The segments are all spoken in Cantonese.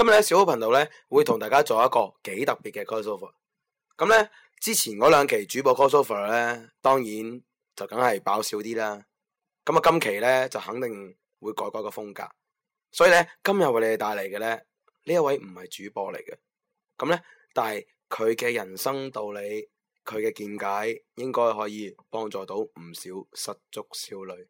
咁咧，今日小好頻道咧會同大家做一個幾特別嘅 Crossover。咁咧，之前嗰兩期主播 Crossover 咧，當然就梗係爆笑啲啦。咁啊，今期咧就肯定會改改個風格。所以咧，今日為你哋帶嚟嘅咧，呢一位唔係主播嚟嘅。咁咧，但係佢嘅人生道理、佢嘅見解，應該可以幫助到唔少失足少女。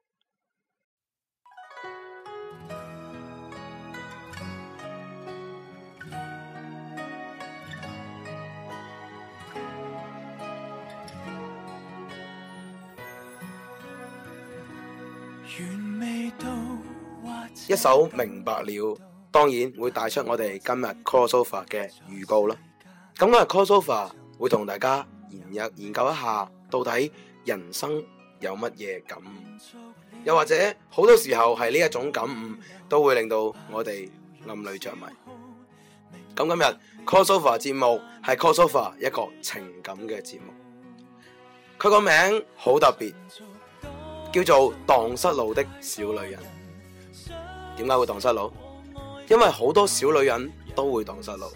一首明白了，當然會帶出我哋今日 call sofa 嘅預告啦。咁今日 call sofa 會同大家研一研究一下，到底人生有乜嘢感悟？又或者好多時候係呢一種感悟，都會令到我哋暗裏着迷。咁今日 call sofa 節目係 call sofa 一個情感嘅節目，佢個名好特別，叫做《蕩失路的小女人》。點解會蕩失路？因為好多小女人都會蕩失路，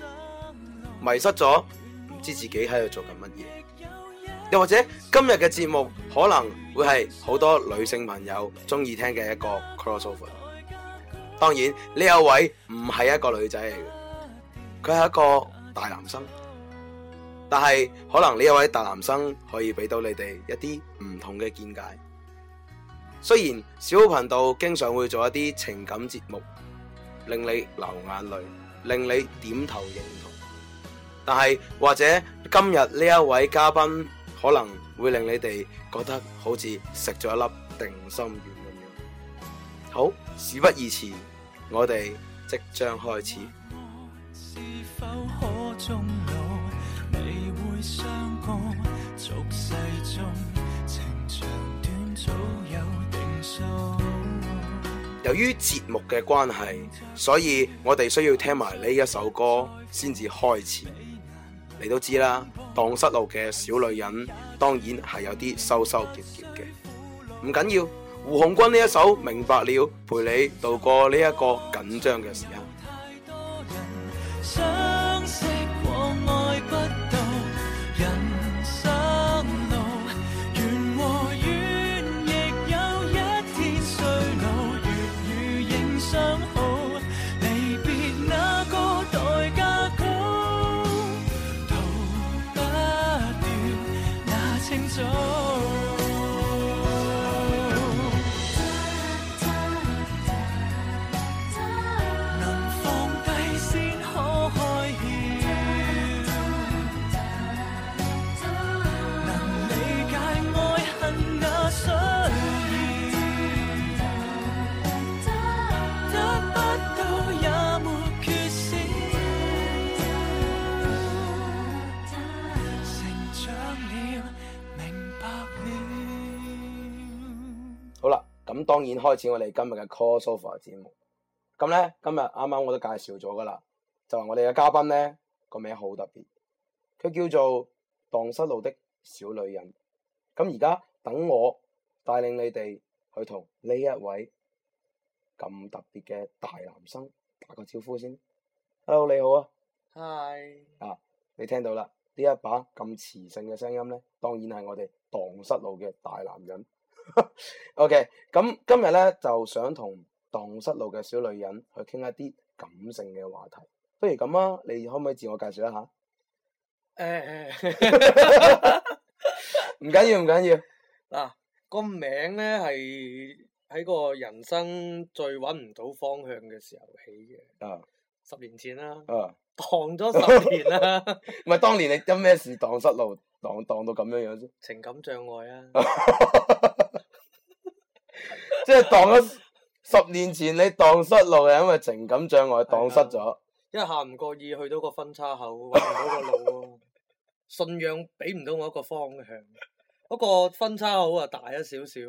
迷失咗，唔知自己喺度做緊乜嘢。又或者今日嘅節目可能會係好多女性朋友中意聽嘅一個 crossover。當然，呢一位唔係一個女仔嚟嘅，佢係一個大男生，但係可能呢一位大男生可以俾到你哋一啲唔同嘅見解。雖然小頻道經常會做一啲情感節目，令你流眼淚，令你點頭認同，但係或者今日呢一位嘉賓可能會令你哋覺得好似食咗一粒定心丸咁樣。好，事不宜遲，我哋即將開始。由於節目嘅關係，所以我哋需要聽埋呢一首歌先至開始。你都知啦，蕩失路嘅小女人，當然係有啲羞羞澀澀嘅。唔緊要，胡鴻鈞呢一首明白了，陪你度過呢一個緊張嘅時間。咁當然開始我哋今日嘅 Call Sofa 節目。咁咧，今日啱啱我都介紹咗㗎喇，就係我哋嘅嘉賓咧，個名好特別，佢叫做《蕩失路的小女人》。咁而家等我帶領你哋去同呢一位咁特別嘅大男生打個招呼先。Hello，你好啊。Hi。啊，你聽到啦？呢一把咁磁性嘅聲音咧，當然係我哋《蕩失路》嘅大男人。OK，咁今日咧就想同蕩失路嘅小女人去傾一啲感性嘅話題，不如咁啊，你可唔可以自我介紹一下？誒、欸，唔緊要，唔緊要。嗱， 個、啊、名咧係喺個人生最搵唔到方向嘅時候起嘅。啊，十年前啦，蕩咗、啊、十年啦，唔係 當年你因咩事蕩失路，蕩蕩到咁樣樣啫？情感障礙啊。 即係蕩咗十年前你，你蕩失路係因為情感障礙蕩失咗，一下唔覺意去到個分叉口，搵唔到個路。 信仰俾唔到我一個方向，嗰個分叉口啊大一少少，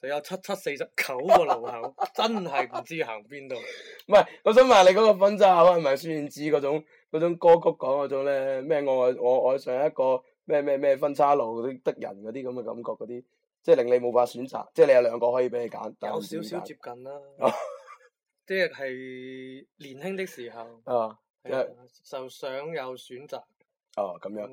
就有七七四十九個路口， 真係唔知行邊度。唔係，我想問你嗰、嗰個分叉口係咪孫燕姿嗰種種歌曲講嗰種咧咩？我我我愛上一個咩咩咩分叉路，得人嗰啲咁嘅感覺嗰啲。即係令你冇法選擇，即係你有兩個可以俾你揀，但有少少接近啦， 即係年輕的時候。啊，就是、想有選擇。哦、啊，咁樣。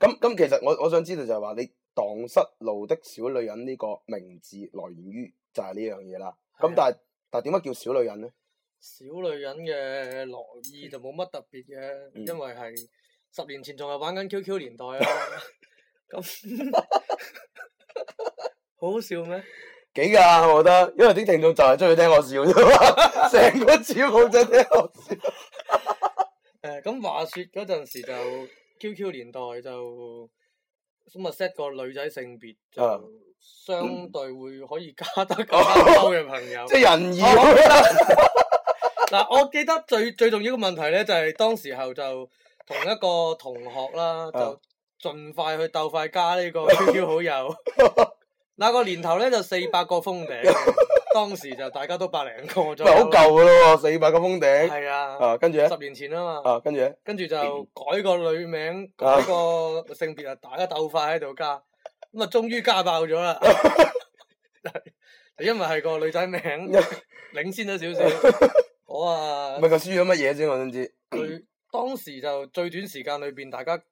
咁咁，其實我我想知道就係話你《蕩失路的小女人》呢個名字來源於就係呢樣嘢啦。咁、啊、但係，但係點解叫小女人咧？小女人嘅樂意就冇乜特別嘅，嗯、因為係十年前仲係玩緊 QQ 年代啊。咁。 好好笑咩？幾㗎，我覺得，因為啲聽眾就係中意聽我笑啫成個節目仔聽我笑。誒、 哎，咁話説嗰陣時就 QQ 年代就咁啊 set 個女仔性別，就相對會可以加得更加多嘅朋友。 即仁義啦。嗱，我記得最最重要嘅問題咧，就係、是、當時候就同一個同學啦，就盡快去鬥快加呢個 QQ 好友。 那個年頭咧就四百個封頂，當時就大家都百零個，好舊噶咯喎，四百個封頂。係啊，跟住咧，十年前啊嘛，跟住咧，跟住就改個女名，改個性別啊，大家鬥快喺度加，咁啊，終於加爆咗啦，就因為係個女仔名領先咗少少，好啊，咪佢輸咗乜嘢先我先知。佢當時就最短時間裏邊，大家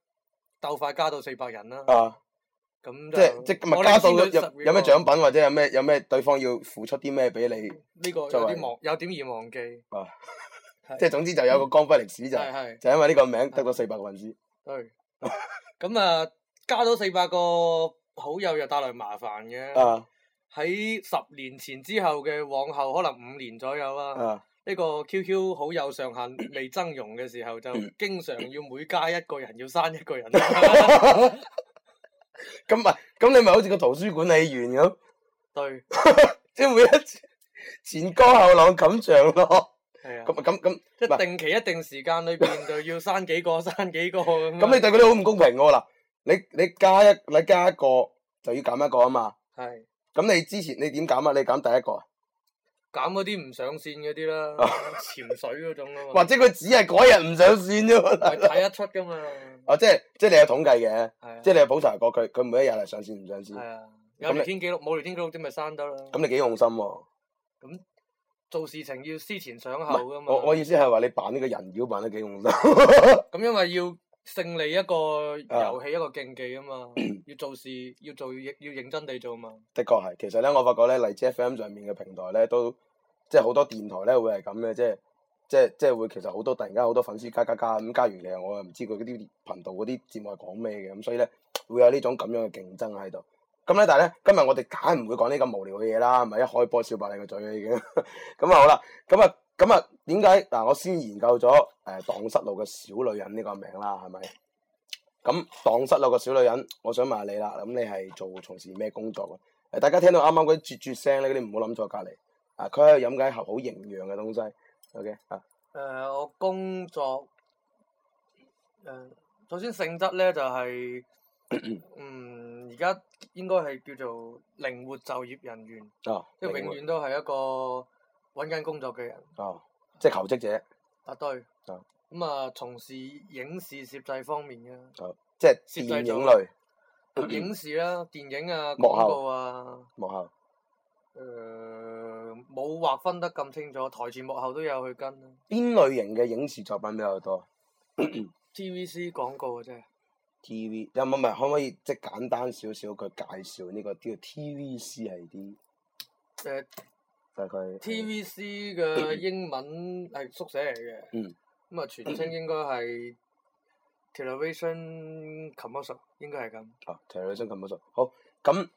鬥快加到四百人啦。咁即係即係，咪加到有咩獎品，或者有咩有咩對方要付出啲咩俾你呢個？有啲忘，有點易忘記。啊，即係總之就有個光輝歷史就係，就因為呢個名得咗四百個粉絲。對，咁啊，加咗四百個好友又帶來麻煩嘅。啊，喺十年前之後嘅往後可能五年左右啦。啊，呢個 QQ 好友上限未增容嘅時候，就經常要每加一個人要刪一個人。咁咪咁你咪好似個圖書管理員咁，對， 即係每一次前歌後浪咁唱咯，係啊， 咁咁咁，即係定期一定時間裏邊就要生幾個 生幾個咁。咁你對嗰啲好唔公平喎嗱， 你你加一你加一個就要減一個啊嘛，係是，咁你之前你點減啊？你減第一個啊。減嗰啲唔上線嗰啲啦，潛水嗰種咯。或者佢只係嗰日唔上線啫，睇得出噶嘛。哦，即係即係你有統計嘅，即係你有普查過佢，佢每一日嚟，上線唔上線。係啊，有聊天記錄，冇聊天記錄咁咪刪得咯。咁你幾用心喎？咁做事情要思前想後噶嘛。我我意思係話你扮呢個人妖扮得幾用心。咁因為要。勝利一個遊戲、uh, 一個競技啊嘛，要做事 要做要要認真地做嘛。的確係，其實咧我發覺咧荔枝 FM 上面嘅平台咧都，即係好多電台咧會係咁嘅，即係即係即係會其實好多突然間好多粉絲加加加咁加完嚟，我又唔知佢啲頻道嗰啲節目係講咩嘅，咁所以咧會有呢種咁樣嘅競爭喺度。咁咧但係咧今日我哋梗係唔會講呢咁無聊嘅嘢啦，咪一開波笑白你個嘴已經。咁 啊好啦，咁啊咁啊。點解？嗱、啊，我先研究咗誒、呃《蕩失路嘅小、嗯、小女人》呢個名啦，係咪？咁《蕩失路嘅小女人》，我想問下你啦。咁、嗯、你係做從事咩工作嘅？誒、啊，大家聽到啱啱嗰啲啜啜聲咧，嗰啲唔好諗坐隔籬。啊，佢喺度飲緊好營養嘅東西。OK 啊。誒、呃，我工作誒、呃，首先性質咧就係、是，嗯，而、嗯、家應該係叫做靈活就業人員。哦、啊。即係永遠都係一個揾緊工作嘅人。哦、啊。即係求職者。啊，對。咁啊、嗯，嗯、從事影視攝製方面嘅。啊，即係電影類。影視啦，啊、拍電影啊，廣告啊。幕後。誒、啊，冇後、呃、劃分得咁清楚，台前幕後都有去跟。邊類型嘅影視作品比較多咳咳？TVC 廣告啊，真係。TV 有冇咪，可唔可以即係簡單少少？佢介紹呢個叫 TVC 係啲。誒。大概 TVC 嘅英文係縮寫嚟嘅，咁啊、嗯、全稱應該係 Television Commercial，應該係咁。啊，c i a l 好咁。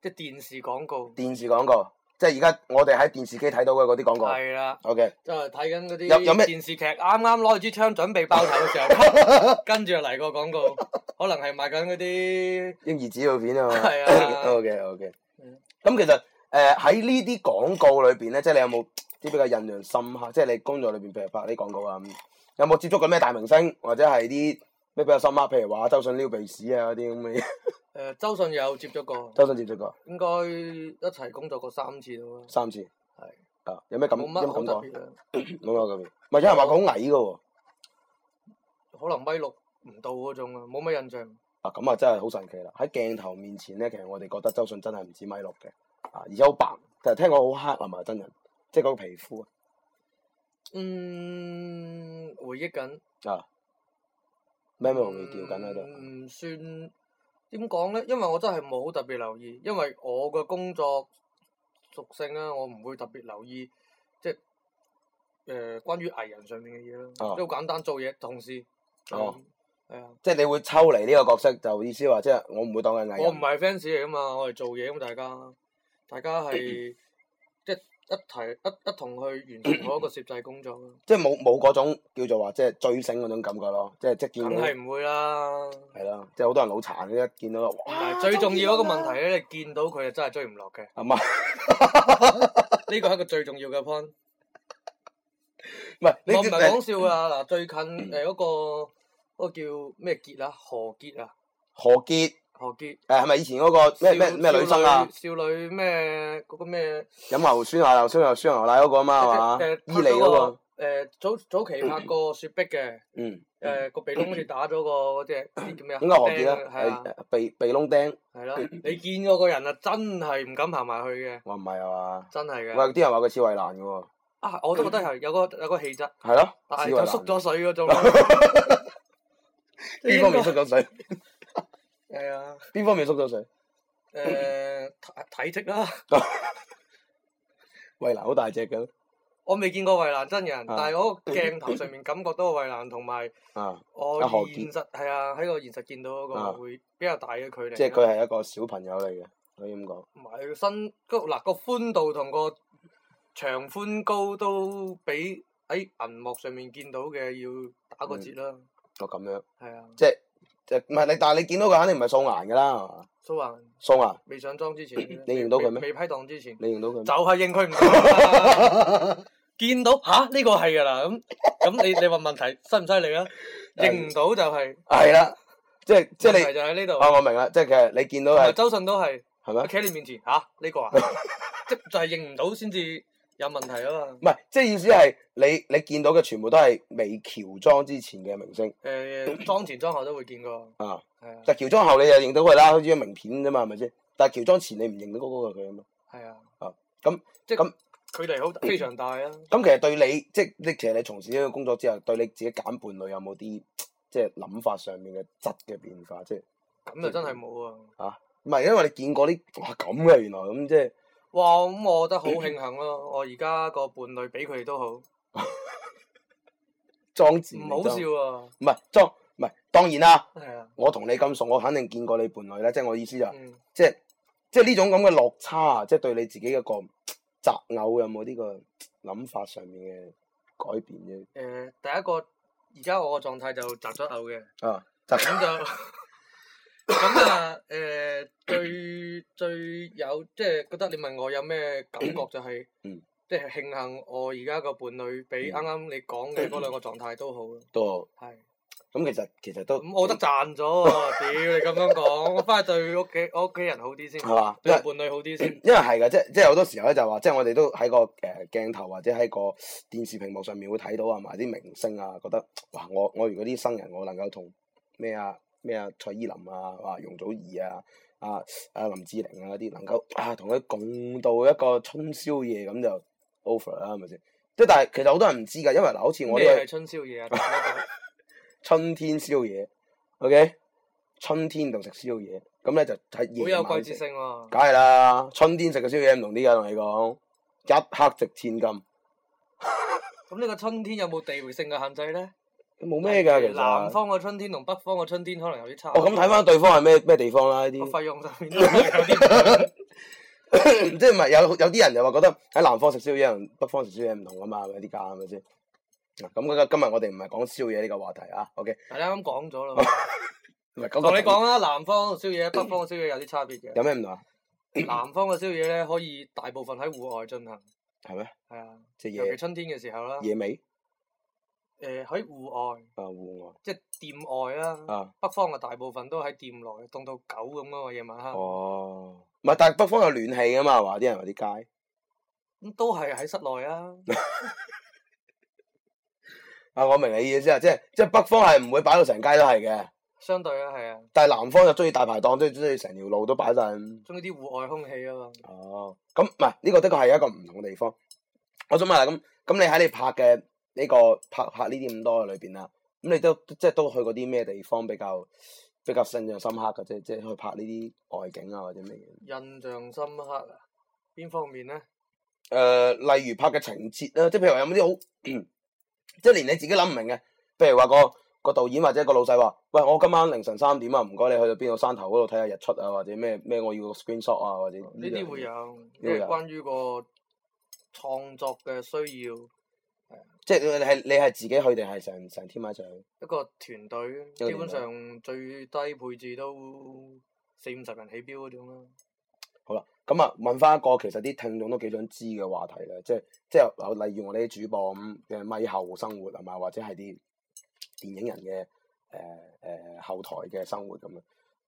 即電視廣告。電視廣告，即而家我哋喺電視機睇到嘅嗰啲廣告。係啦、啊。O Okay K。即睇緊嗰啲電視劇，啱啱攞住支槍準備爆頭嘅時候，跟住嚟個廣告，可能係賣緊嗰啲嬰兒指導片啊嘛。係啊。O K O K。嗯。咁其實。誒，喺呢啲廣告裏邊咧，即係你有冇啲比較印象深刻？即係你工作裏邊譬如拍呢啲廣告啊、嗯，有冇接觸過咩大明星或者係啲咩比較深刻？譬如話周迅撩鼻屎啊嗰啲咁嘅嘢。誒、呃，周迅有接觸過。周迅接觸過。應該一齊工作過三次咯。三次。係。啊？有咩感覺？冇乜咁特別。冇乜咁特別。唔係有人話佢好矮嘅喎，可能米六唔到嗰種啊，冇乜印象。啊，咁啊，真係好神奇啦！喺鏡頭面前咧，其實我哋覺得周迅真係唔止米六嘅。啊，而家好白，但係聽講好黑係咪真人？即係嗰個皮膚。嗯，回憶緊。啊。咩容易調緊喺度？唔、嗯、算點講咧，因為我真係冇好特別留意，因為我嘅工作屬性啦，我唔會特別留意，即係誒關於藝人上面嘅嘢啦。哦、啊。好簡單做嘢，同、嗯、時。哦。係啊。啊，即係你會抽離呢個角色，就是、意思話，即係我唔會當佢藝人。我唔係 fans 嚟，啊嘛，我嚟做嘢咁，大家。大家係即一齊一一同去完成嗰個攝製工作咯。即冇冇嗰種叫做話即追星嗰種感覺咯，即即見到、那個。梗係唔會啦。係啦，即好多人腦殘嘅一見到。最重要嗰個問題咧，啊、你見到佢就真係追唔落嘅。唔係，呢個係一個最重要嘅 point。唔係，我唔係講笑㗎嗱，最近誒、那、嗰個嗰、那個那個叫咩傑啊，何傑啊。何傑。何潔？誒，係咪以前嗰個咩咩咩女生啊？少女咩嗰個咩？飲牛酸、牛酸又酸牛奶嗰個啊嘛，係嘛？伊利嗰個。誒，早早期拍過雪碧嘅。嗯。誒，個鼻窿好似打咗個嗰隻啲叫咩啊？鼻鼻窿釘。係咯，你見嗰個人啊，真係唔敢行埋去嘅。話唔係啊嘛。真係嘅。話啲人話佢似衛蘭嘅喎。啊，我都覺得係有個有個氣質。係咯。似衛蘭。但係就縮咗水嗰種。呢方面縮緊水。係啊！邊方面縮咗水？誒，體體積啦，衞蘭好大隻嘅。我未見過衞蘭真人，但係嗰個鏡頭上面感覺到個衞蘭同埋我現實係啊，喺個、啊、現實見到嗰個會比較大嘅距離。啊、即係佢係一個小朋友嚟嘅，可以咁講。唔係個身嗱個、啊、寬度同個長寬高都比喺銀幕上面見到嘅要打個折啦。哦、嗯，咁樣。係啊。即係。就唔係你，但係你見到佢肯定唔係素顏噶啦，係嘛？素顏，素顏，未上妝之前，你認到佢咩？未批檔之前，你認到佢？就係認佢唔到啦。見到吓呢個係噶啦，咁咁你你問問題犀唔犀利啊？認唔到就係，係啦，即係即係你就喺呢度。哦，我明啦，即係其實你見到係周迅都係，係咪？企喺你面前吓呢個啊，即就係認唔到先至。有問題啊嘛！唔係，即係意思係你你見到嘅全部都係未喬裝之前嘅明星。誒，裝前裝後都會見過。啊，係。但係喬裝後你就認到佢啦，好似個名片啫嘛，係咪先？但係喬裝前你唔認得嗰個佢啊嘛。係啊。啊，咁即係咁，距離好非常大啊。咁其實對你，即係你其實你從事呢個工作之後，對你自己揀伴侶有冇啲即係諗法上面嘅質嘅變化？即係咁就真係冇啊。吓，唔係因為你見過啲哇咁嘅，原來咁即係。哇！咁、嗯、我覺得好慶幸咯，嗯、我而家個伴侶比佢哋都好。 莊子唔好笑啊。唔係莊，唔係當然啦。係啊。我同你咁熟，我肯定見過你伴侶咧。即、就、係、是、我意思就是嗯、即係即係呢種咁嘅落差啊！即係對你自己一個擇偶有冇呢個諗法上面嘅改變啫？誒、呃，第一個而家我嘅狀態就擇咗偶嘅。啊！擇咗。 咁啊，誒、 嗯、最最有即係、就是、覺得你問我有咩感覺就係、是，即、就、係、是、慶幸我而家個伴侶比啱啱你講嘅嗰兩個狀態都好都好，係是。咁、嗯、其實其實都，咁我覺得賺咗喎，屌 你咁樣講，我翻去對屋企 我屋企人好啲先，係嘛、啊？對伴侶好啲先。因為係嘅，即係即係好多時候咧就話，即係我哋都喺個誒鏡頭或者喺個電視屏幕上面會睇到啊，埋啲明星啊，覺得哇！我我，我如果啲新人我能夠同咩啊？咩啊？蔡依林啊，啊容祖兒啊，啊啊林志玲啊嗰啲，能夠啊同佢共度一個春宵夜咁就 offer 啦，係咪先？即係但係其實好多人唔知㗎，因為嗱、這個，好似我哋個係春宵夜啊，春天宵夜，OK？春天同食宵夜，咁咧就喺夜晚好有季節性喎、啊！梗係啦，春天食嘅宵夜唔同啲㗎，同你講一刻值千金。咁 呢個春天有冇地域性嘅限制咧？冇咩噶，其實、啊、南方嘅春天同北方嘅春天可能有啲差。哦，咁睇翻對方係咩咩地方啦、啊？呢啲費用上面都有啲，即係唔係有有啲人又話覺得喺南方食宵夜同北方食宵夜唔同噶嘛？有啲價，係咪先？咁、嗯、今日我哋唔係講宵夜呢個話題啊。OK。大家咁講咗啦。唔係講。同你講啦，南方宵夜， 北方嘅宵夜有啲差別嘅。有咩唔同啊？南方嘅宵夜咧，可以大部分喺戶外進行。係咩嗎？係啊，尤其春天嘅時候啦。野味。誒喺戶外，啊、戶外即係店外啦、啊。啊、北方嘅大部分都喺店內，凍到狗咁、哦、啊！夜晚黑。哦。唔係，但係北方有暖氣啊嘛，話啲人話啲街。咁都係喺室內啊。啊，我明你意思啊，即係即係北方係唔會擺到成街都係嘅。相對啊，係啊。但係南方就中意大排檔，中意中意成條路都擺晒，中意啲戶外空氣啊嘛。哦，咁唔係呢個的確係一個唔同嘅地方。我想問下咁，咁你喺你拍嘅？呢、這個拍拍呢啲咁多嘅裏邊啦，咁、嗯、你都即係都去過啲咩地方比較比較印象深刻嘅？即係即係去拍呢啲外景啊，或者咩嘢？印象深刻啊？邊方面咧？誒、呃，例如拍嘅情節啊、呃，即係譬如話有冇啲好，即係連你自己諗唔明嘅。譬如話個個導演或者個老細話：喂，我今晚凌晨三點啊，唔該你去到邊個山頭嗰度睇下日出啊，或者咩咩，我要個 screen shot 啊，或者呢啲會有，因為關於個創作嘅需要。即係你係你係自己去定係成成 team 一齊去？是是個一個團隊，基本上最低配置都四五十人起標嗰種啦。好啦，咁、嗯、啊問翻一個其實啲聽眾都幾想知嘅話題啦，即係即係例如我哋啲主播咁嘅咪、咪後生活啊，或者係啲電影人嘅誒誒後台嘅生活咁樣。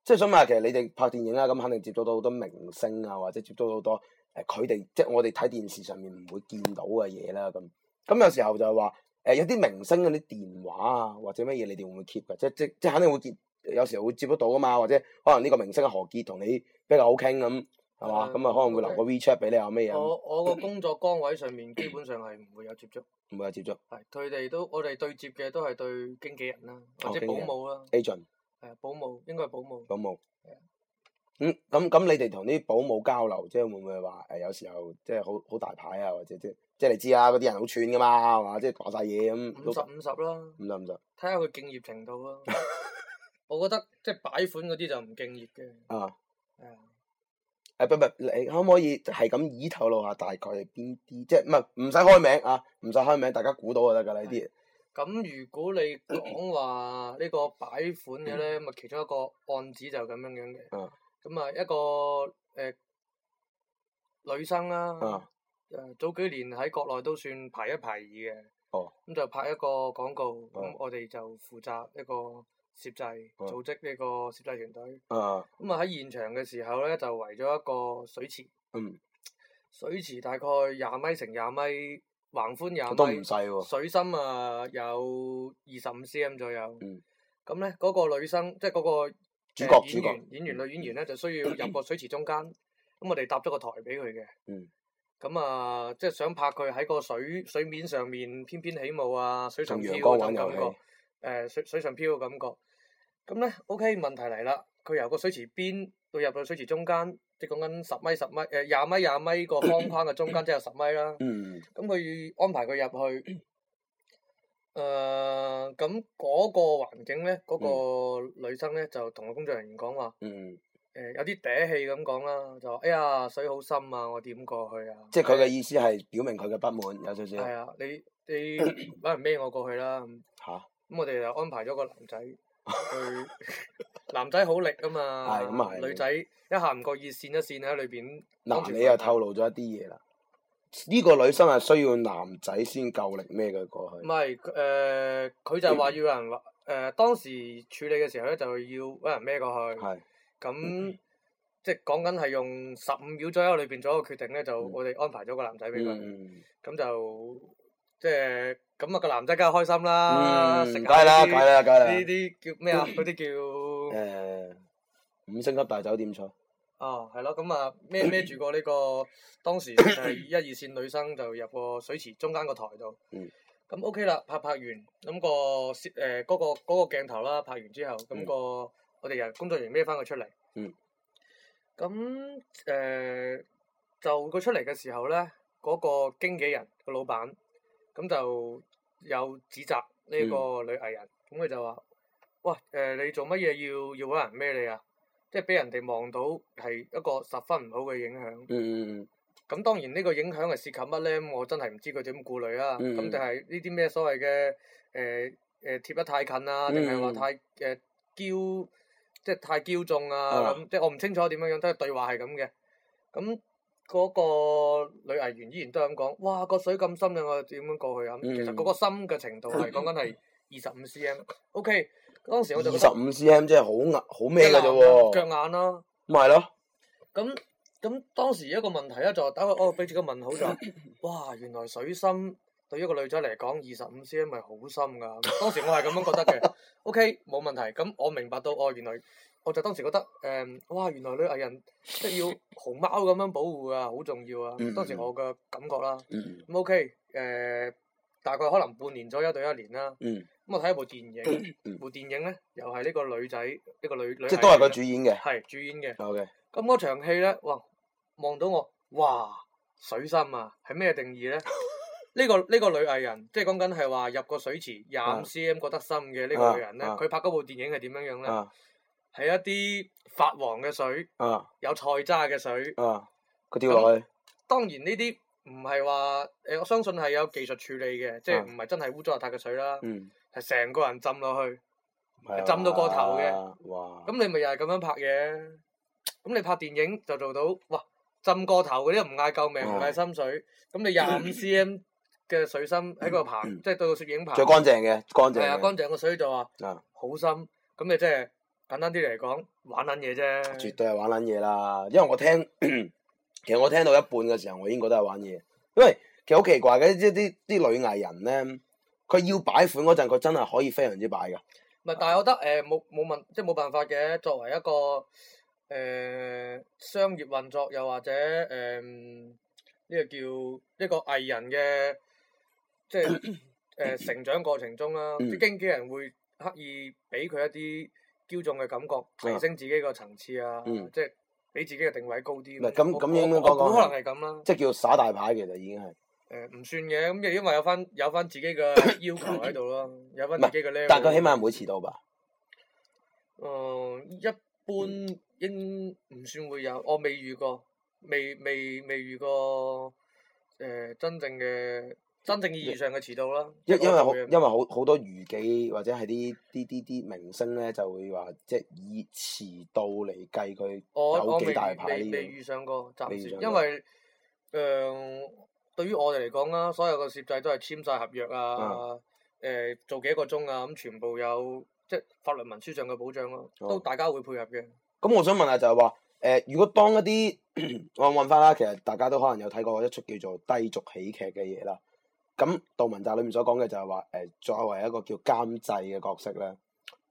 即係想問下，其實你哋拍電影啦，咁肯定接觸到好多明星啊，或者接觸到好多誒佢哋，即係我哋睇電視上面唔會見到嘅嘢啦咁。咁有時候就係話，誒有啲明星嗰啲電話啊，或者乜嘢，你哋會唔會 keep 㗎？即即即肯定會接，有時候會接得到㗎嘛，或者可能呢個明星何潔同你比較好傾咁，係嘛？咁啊可能會留個 WeChat 俾你啊咩嘢？我我個工作崗位上面基本上係唔會有接觸，唔會有接觸。係，佢哋都我哋對接嘅都係對經紀人啦，或者保姆啦。agent 係啊，保姆應該係保姆。保姆。嗯，咁咁你哋同啲保姆交流，即係會唔會話誒？有時候即係好好大牌啊，或者即。即係你知啊，嗰啲人好串㗎嘛，係嘛？即係講晒嘢咁。五十五十啦。五十五十。睇下佢敬業程度咯。我覺得即係擺款嗰啲就唔敬業嘅。啊。係啊。不唔，你可唔可以係咁意透露下大概係邊啲？即係唔係唔使開名啊？唔使開名，大家估到就得㗎喇呢啲。咁如果你講話呢個擺款嘅咧，咁啊其中一個案子就咁樣樣嘅。啊。咁啊，一個誒女生啦。啊。誒早幾年喺國內都算排一排二嘅，咁就拍一個廣告，咁我哋就負責一個攝製組織呢個攝製團隊。咁啊喺現場嘅時候咧，就圍咗一個水池。嗯。水池大概廿米乘廿米，橫寬廿米。都唔細。水深啊，有二十五 CM 左右。嗯。咁咧，嗰個女生，即係嗰個主角主角演員女演員咧，就需要入個水池中間。咁我哋搭咗個台俾佢嘅。嗯。咁啊、嗯，即係想拍佢喺個水水面上面翩翩起舞啊，水上漂嗰種感覺，誒、呃、水水上漂嘅感覺。咁咧，OK，問題嚟啦。佢由個水池邊到入到水池中間，即係講緊十米十米，誒廿米廿、呃、米個方框嘅中間，即係咳咳十米啦。嗯。咁佢安排佢入去，誒咁嗰個環境咧，嗰、那個女生咧就同個工作人員講話。嗯。嗯。誒有啲嗲氣咁講啦，就話：哎呀，水好深啊，我點過去啊？即係佢嘅意思係表明佢嘅不滿，有少少。係啊，你你揾人孭我過去啦咁。咁、啊嗯、我哋就安排咗個男仔去， 男仔好力啊嘛。係咁啊！女仔一行唔覺意跣一跣喺裏邊。嗱，你又透露咗一啲嘢啦。呢、這個女生係需要男仔先夠力孭佢過去。唔係，誒、呃，佢就話要有人話誒、嗯呃，當時處理嘅時候咧，就要揾人孭過去。係。咁、嗯、即係講緊係用十五秒左右裏邊做一個決定咧，就我哋安排咗個男仔俾佢，咁、嗯、就即係咁啊個男仔梗係開心啦，食啦、嗯。呢啲叫咩啊？嗰啲、嗯、叫誒、嗯、五星級大酒店菜。哦，係咯、啊，咁啊孭孭住個呢個當時係一二線女生就入個水池中間個台度。咁、嗯、OK 啦，拍拍完咁、那個誒嗰、呃嗰個嗰、嗰個鏡頭啦，拍完之後咁、那個。我哋人工作人員孭翻佢出嚟，咁誒、嗯嗯、就佢出嚟嘅時候咧，嗰、嗰個經紀人、嗰個老闆咁就有指責呢個女藝人，咁佢、嗯、就話：哇誒、呃，你做乜嘢要要搵人孭你啊？即係俾人哋望到係一個十分唔好嘅影響。嗯咁、嗯嗯、當然呢個影響係涉及乜咧？我真係唔知佢點顧慮啊。咁就係呢啲咩所謂嘅誒誒貼得太近啊？定係話太誒嬌？呃即係太驕縱啊！咁的即係我唔清楚點樣樣，都係對話係咁嘅。咁嗰、那個女藝員依然都係咁講，哇！個水咁深嘅，我點樣過去啊？嗯、其實嗰個深嘅程度係講緊係二十五 cm。O.K. 當時我就二十五 cm 即係好硬，好咩嘅啫喎！腳眼囉，咁咪咯。咁咁當時一個問題咧，就等佢哦，俾住個問號就， 哇！原來水深。對於一個女仔嚟講，二十五 CM 係好深噶。當時我係咁樣覺得嘅。O K，冇問題。咁我明白到，哦，原來我就當時覺得，誒、呃，哇，原來女藝人即係要熊貓咁樣保護啊，好重要啊。嗯、當時我嘅感覺啦。咁 O K，誒，大概可能半年左右到一年啦。嗯，咁我睇一部電影，嗯、部電影咧又係呢個女仔，呢、這個女女。即都係佢主演嘅。係主演嘅。O K。咁嗰場戲咧，哇！望到我，哇，水深啊！係咩定義咧？ 呢個呢個女藝人，即係講緊係話入個水池廿五 cm 覺得深嘅呢個女人咧，佢拍嗰部電影係點樣樣咧？係一啲發黃嘅水，有菜渣嘅水，佢掉落去。當然呢啲唔係話誒，我相信係有技術處理嘅，即係唔係真係污糟邋遢嘅水啦。係成個人浸落去，浸到個頭嘅。哇！咁你咪又係咁樣拍嘢？咁你拍電影就做到，哇！浸個頭嗰啲唔嗌救命唔嗌深水，咁你廿五 cm。嘅水深喺個棚， 即係對個攝影棚，最乾淨嘅，乾淨，係啊，乾淨嘅水就話啊，好深。咁你即係簡單啲嚟講，玩撚嘢啫。絕對係玩撚嘢啦，因為我聽， 其實我聽到一半嘅時候，我已經覺得係玩嘢。因為其實好奇怪嘅，即啲啲女藝人咧，佢要擺款嗰陣，佢真係可以非常之擺噶。唔係、啊，但係我覺得誒冇冇問，即係冇辦法嘅。作為一個誒、呃、商業運作，又或者誒呢、呃嗯呢個叫一個藝人嘅。即係誒、呃、成長過程中啦，啲經紀人會刻意俾佢一啲驕縱嘅感覺，提升自己個層次啊，嗯、即係俾自己嘅定位高啲。唔係咁咁樣講講，可能係咁啦。即係叫耍大牌，其實已經係。誒唔、呃、算嘅，咁因為有翻有翻自己嘅要求喺度咯，有翻自己嘅 level。但佢起碼唔會遲到吧？誒、嗯，一般應唔算會有，我未遇過，未未未，未，未，未遇過誒、呃、真正嘅。呃真正意義上嘅遲到啦，因為因為好因為好好多娛記或者係啲啲啲啲明星咧，就會話即係以遲到嚟計佢有幾大牌未，未，未，未遇上過，暫時未未因為誒、呃、對於我哋嚟講啦，所有嘅攝製都係簽晒合約啊，誒、呃、做幾多個鐘啊，咁全部有即係法律文書上嘅保障咯，都大家會配合嘅。咁、嗯嗯、我想問下就係話誒，如果當一啲我 問翻啦，其實大家都可能有睇過一出叫做低俗喜劇嘅嘢啦。咁杜文澤裏面所講嘅就係話誒，作為一個叫監製嘅角色咧，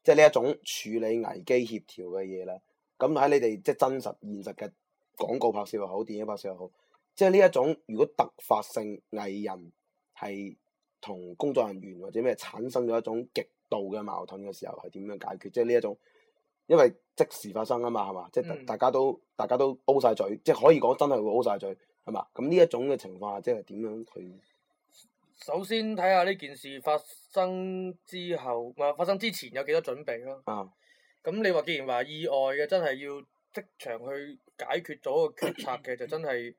即係呢一種處理危機協調嘅嘢啦。咁喺你哋即係真實現實嘅廣告拍攝又好，電影拍攝又好，即係呢一種如果突發性藝人係同工作人員或者咩產生咗一種極度嘅矛盾嘅時候，係點樣解決？即係呢一種，因為即時發生啊嘛，係嘛？即係大家都、嗯、大家都 O 晒嘴，即係可以講真係會 O 晒嘴係嘛？咁呢一種嘅情況下，即係點樣去？首先睇下呢件事發生之後，唔、呃、係發生之前有幾多準備咯。咁、啊、你話既然話意外嘅，真係要即場去解決咗個決策嘅，就真係誒、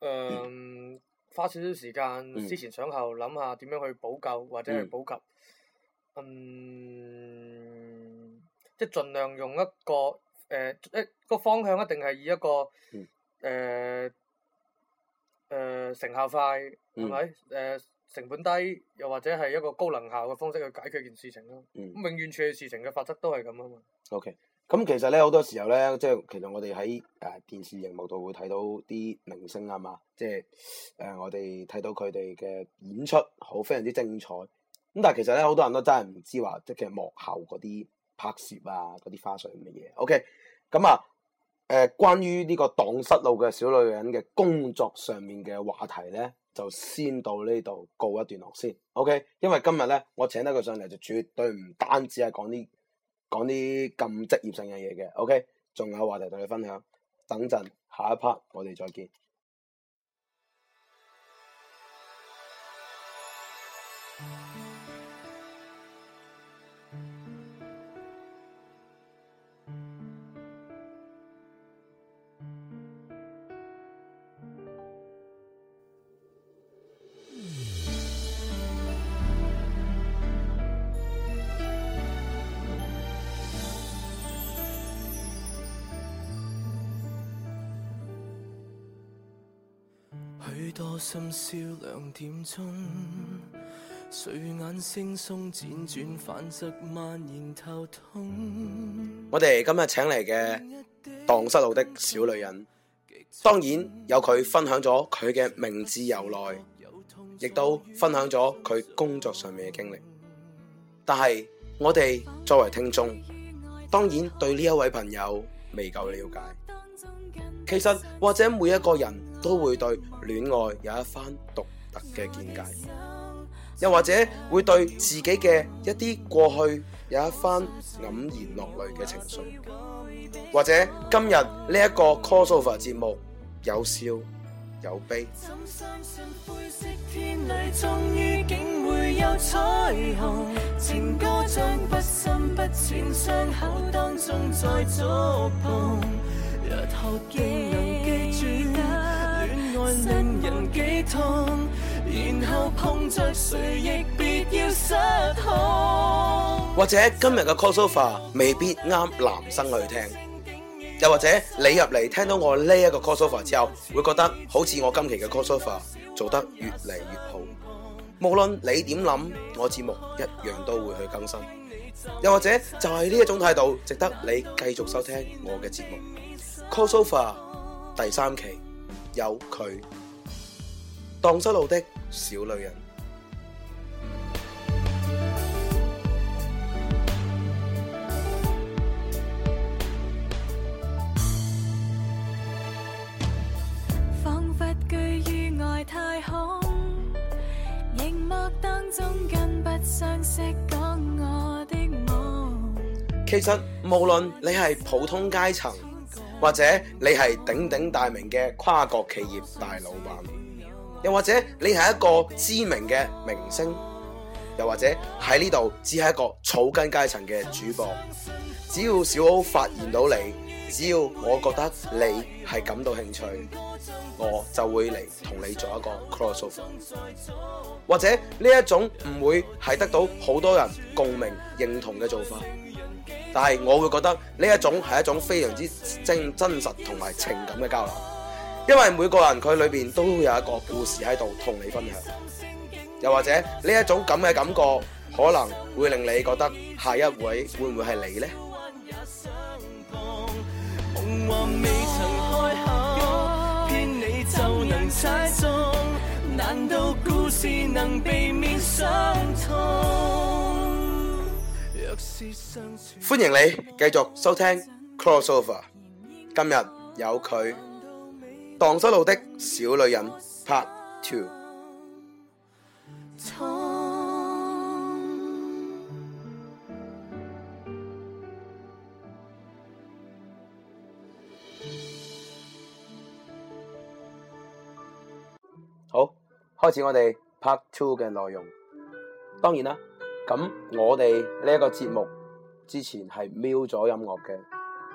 呃嗯、花少少時間思、嗯、前想後，諗下點樣去補救或者係補及。嗯、嗯，即係盡量用一個誒、呃、一個方向，一定係以一個誒誒、呃呃、成效快係咪誒？嗯嗯成本低，又或者係一個高能效嘅方式去解決件事情咯。嗯，永遠處理事情嘅法則都係咁啊嘛。OK，咁其實咧好多時候咧，即係其實我哋喺誒電視熒幕度會睇到啲明星啊嘛，即係誒我哋睇到佢哋嘅演出好非常之精彩。咁但係其實咧好多人都真係唔知話即係幕後嗰啲拍攝啊嗰啲花絮咁嘅嘢。OK，咁啊誒，關於呢個《盪失路嘅小女人》嘅工作上面嘅話題咧。就先到呢度告一段落先，OK？因為今日呢，我請得佢上嚟就絕對唔單止係講啲講啲咁職業性嘅嘢嘅，OK？仲有話題同你分享，等陣，下一 part 我哋再見。深宵兩點鐘，睡眼惺忪，輾轉反側，蔓延頭痛。我哋今日請嚟嘅《蕩失路的小女人》，當然有佢分享咗佢嘅名字由來，亦都分享咗佢工作上面嘅經歷。但係我哋作為聽眾，當然對呢一位朋友未夠了解。其實或者每一個人。都會對戀愛有一番獨特嘅見解，又或者會對自己嘅一啲過去有一番黯然落淚嘅情緒，或者今日呢一個 call sofa 節目有笑有悲。愛人幾痛，然後碰着誰亦別要失控。或者今日嘅 Call So Far 未必啱男生去聽，又或者你入嚟聽到我呢一個 Call So Far 之後，會覺得好似我今期嘅 Call So Far 做得越嚟越好。無論你點諗，我節目一樣都會去更新。又或者就係呢一種態度，值得你繼續收聽我嘅節目 Call So Far 第三期。有佢，蕩失路的小女人，仿佛居於外太空，熒幕當中跟不相識講我的夢。其實無論你係普通階層，或者你係鼎鼎大名嘅跨國企業大老闆，又或者你係一個知名嘅明星，又或者喺呢度只係一個草根階層嘅主播，只要小歐發現到你，只要我覺得你係感到興趣，我就會嚟同你做一個 cross over，或者呢一種唔會係得到好多人共鳴認同嘅做法。但係我會覺得呢一種係一種非常之真真實同埋情感嘅交流，因為每個人佢裏邊都會有一個故事喺度同你分享，又或者呢一種咁嘅感覺，可能會令你覺得下一位會唔會係你呢？歡迎你繼續收聽 Crossover，今日有佢《蕩失路的小女人》Part Two。好，開始我哋 Part Two 嘅內容。當然啦。咁我哋呢一個節目之前係瞄咗音樂嘅，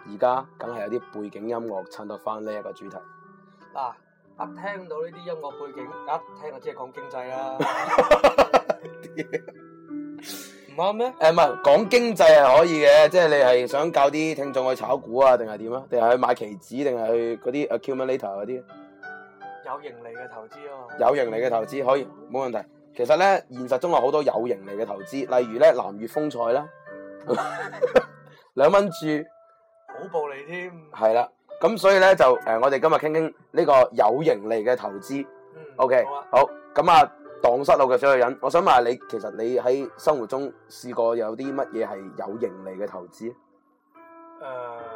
而家梗係有啲背景音樂襯托翻呢一個主題。嗱、啊，一聽到呢啲音樂背景，一聽就即係講經濟啦、啊，唔啱咩？誒、啊，唔係講經濟係可以嘅，即係你係想教啲聽眾去炒股啊，定係點啊？定係去買期指，定係去嗰啲 accumulator 啲？有盈利嘅投資啊、哦、嘛，有盈利嘅投資可以，冇問題。其實咧，現實中有好多有盈利嘅投資，例如咧南粵風采啦，兩蚊注，好暴利添。係啦，咁所以咧就誒、呃，我哋今日傾傾呢個有盈利嘅投資。OK，好。咁啊，蕩失路嘅小女人，我想問下你，其實你喺生活中試過有啲乜嘢係有盈利嘅投資？誒、uh。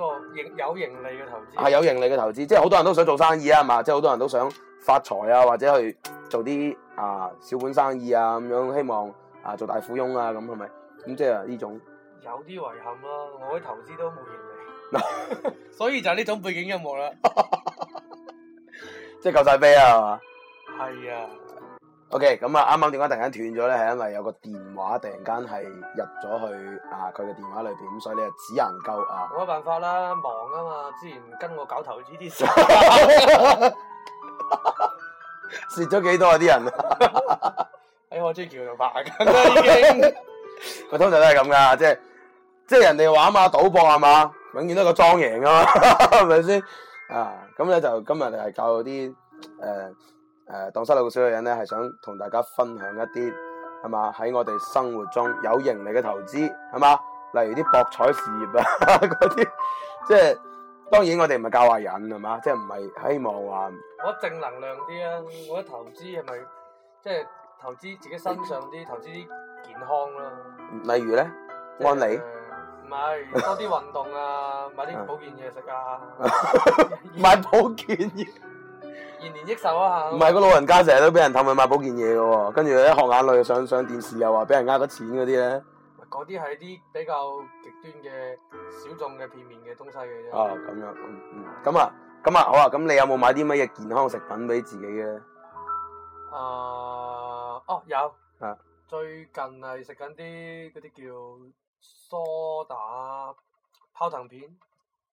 個盈有盈利嘅投資係有盈利嘅投資，即係好多人都想做生意啊，係嘛？即係好多人都想發財啊，或者去做啲啊小本生意啊，咁樣希望啊做大富翁啊，咁係咪？咁即係呢種有啲遺憾咯，我啲投資都冇盈利。 所以就呢種背景 音樂啦，即係夠晒悲啊，係嘛？係啊。OK，咁啊，啱啱電話突然間斷咗咧，係因為有個電話突然間係入咗去啊佢嘅電話裏邊，咁所以你就啊只能夠啊冇乜辦法啦，忙啊嘛，之前跟我搞投資啲事，蝕咗幾多啊啲人， 哎我中意叫佢做白啊，已經， 佢 通常都係咁噶，即係即係人哋玩嘛，賭博啊嘛，永遠都係個莊贏啊嘛，係咪先啊？咁咧就今日係教啲誒。呃誒，蕩失路嘅小女人咧，係想同大家分享一啲係嘛，喺我哋生活中有盈利嘅投資係嘛，例如啲博彩事業啊嗰啲， 即係當然我哋唔係教壞人係嘛，即係唔係希望話我正能量啲啊，我覺得投資係咪即係投資自己身上啲，投資啲健康啦，例如咧，按你唔係多啲運動啊，買啲保健嘢食啊， 買保健 延年益壽啊，吓是。唔係個老人家成日都俾人氹去買保健嘢嘅喎，跟住咧學眼淚上上電視又話俾人呃咗錢嗰啲咧。嗰啲係啲比較極端嘅小眾嘅片面嘅東西嘅啫。啊，咁樣，咁啊，咁、嗯、啊，好啊，咁你有冇買啲乜嘢健康食品俾自己嘅咧？啊，哦，有。啊。最近係食緊啲嗰啲叫梳打泡騰片。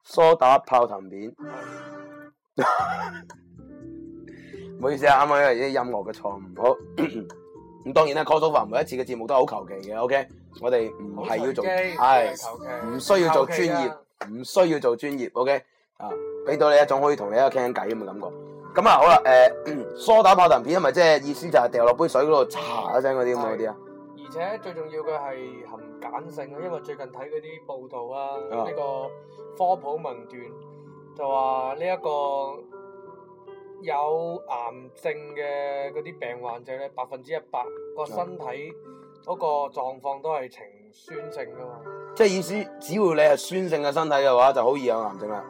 梳打泡騰片。 唔好意思啊，啱啱因為啲音樂嘅錯誤。好，咁當然啦 Crossover 每一次嘅節目都係好求其嘅。O、OK? K，我哋唔係要做，係唔、哎、便需要做專業，唔需要做專業。O、OK? K，啊，俾到你一種可以同你一個傾偈咁嘅感覺。咁啊，好啦，誒、呃，梳打泡騰片係咪即係意思就係掉落杯水嗰度，查一聲嗰啲咁啲啊？是有有而且最重要嘅係含鹼性啊，因為最近睇嗰啲報道啊，呢嗎個科普文段就話呢一個。有癌症嘅嗰啲病患者咧，百分之一百個身體嗰個狀況都係呈酸性噶嘛。即係意思，只要你係酸性嘅身體嘅話，就好易有癌症啦。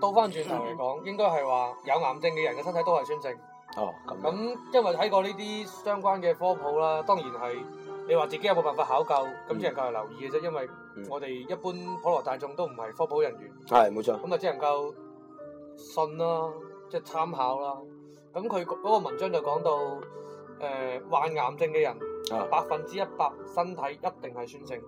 倒翻轉頭嚟講，應該係話有癌症嘅人嘅身體都係酸性。哦，咁。咁因為睇過呢啲相關嘅科普啦，當然係你話自己有冇辦法考究，咁只能夠係留意嘅啫。因為我哋一般普羅大眾都唔係科普人員。係、嗯，冇錯。咁啊，只能夠信啦、啊。即係參考啦，咁佢嗰個文章就講到，誒、呃、患癌症嘅人，百分之一百身體一定係酸性。咁、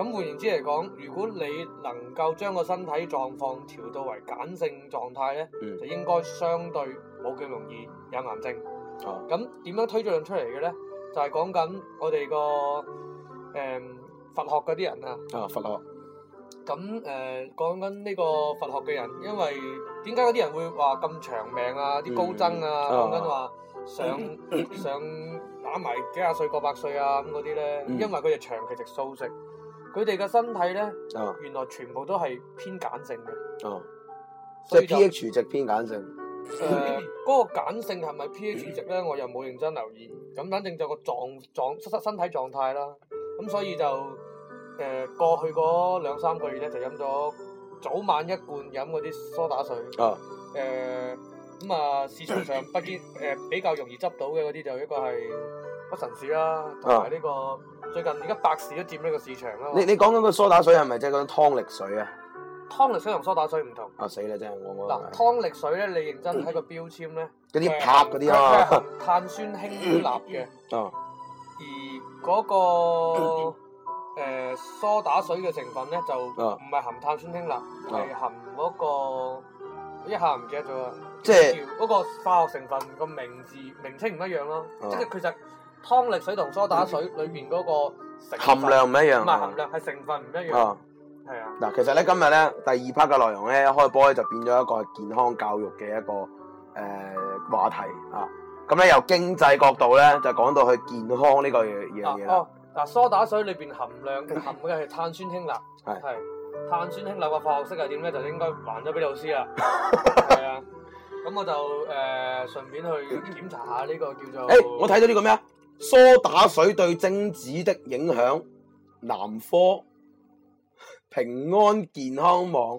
嗯、換言之嚟講，如果你能夠將個身體狀況調到為鹼性狀態咧，嗯、就應該相對冇咁容易有癌症。咁點、啊、樣推進出嚟嘅咧？就係講緊我哋個誒佛學嗰啲人啊。啊佛學。咁誒講緊呢個佛學嘅人，因為點解嗰啲人會話咁長命啊？啲高僧啊，講緊話想想、嗯、打埋幾廿歲過百歲啊咁嗰啲咧，因為佢哋長期食素食，佢哋嘅身體咧、啊、原來全部都係偏鹼性嘅，即係 pH 值偏鹼性。誒，嗰個鹼性係咪 pH 值咧？我又冇認真留意。咁反正就個狀狀身身體狀態啦。咁所以就。啊 誒過去嗰兩三個月咧，就飲咗早晚一罐飲嗰啲梳打水。啊，誒咁啊，市場上不見誒比較容易執到嘅嗰啲就一個係屈臣氏啦，同埋呢個、oh. 最近而家百事都佔呢個市場啦。你你講緊個梳打水係咪即係嗰種湯力水啊？湯力水同梳打水唔同。啊死啦！真係我我。嗱湯力水咧，你認真睇個標籤咧，嗰啲塔嗰啲啊，嗯、碳酸氫鈉嘅。啊。而嗰個。嗯誒，梳打水嘅成分咧就唔係含碳酸氫鈉，係含嗰個一下唔記得咗啦，叫嗰個化學成分個名字名稱唔一樣咯，即係其實湯力水同梳打水裏邊嗰個含量唔一樣，唔係含量係成分唔一樣，係啊。嗱，其實咧今日咧第二 part 嘅內容咧，一開波咧就變咗一個健康教育嘅一個誒話題啊。咁咧由經濟角度咧，就講到去健康呢個樣嘢啦。嗱，梳打水裏邊含量嘅含嘅係碳酸氫鈉，係是碳酸氫鈉嘅化學式係點咧？就應該還咗俾老師啦。係 啊，咁我就誒、呃、順便去檢查下呢個叫做，誒、欸、我睇到呢個咩啊？梳打水對精子的影響，男科平安健康網。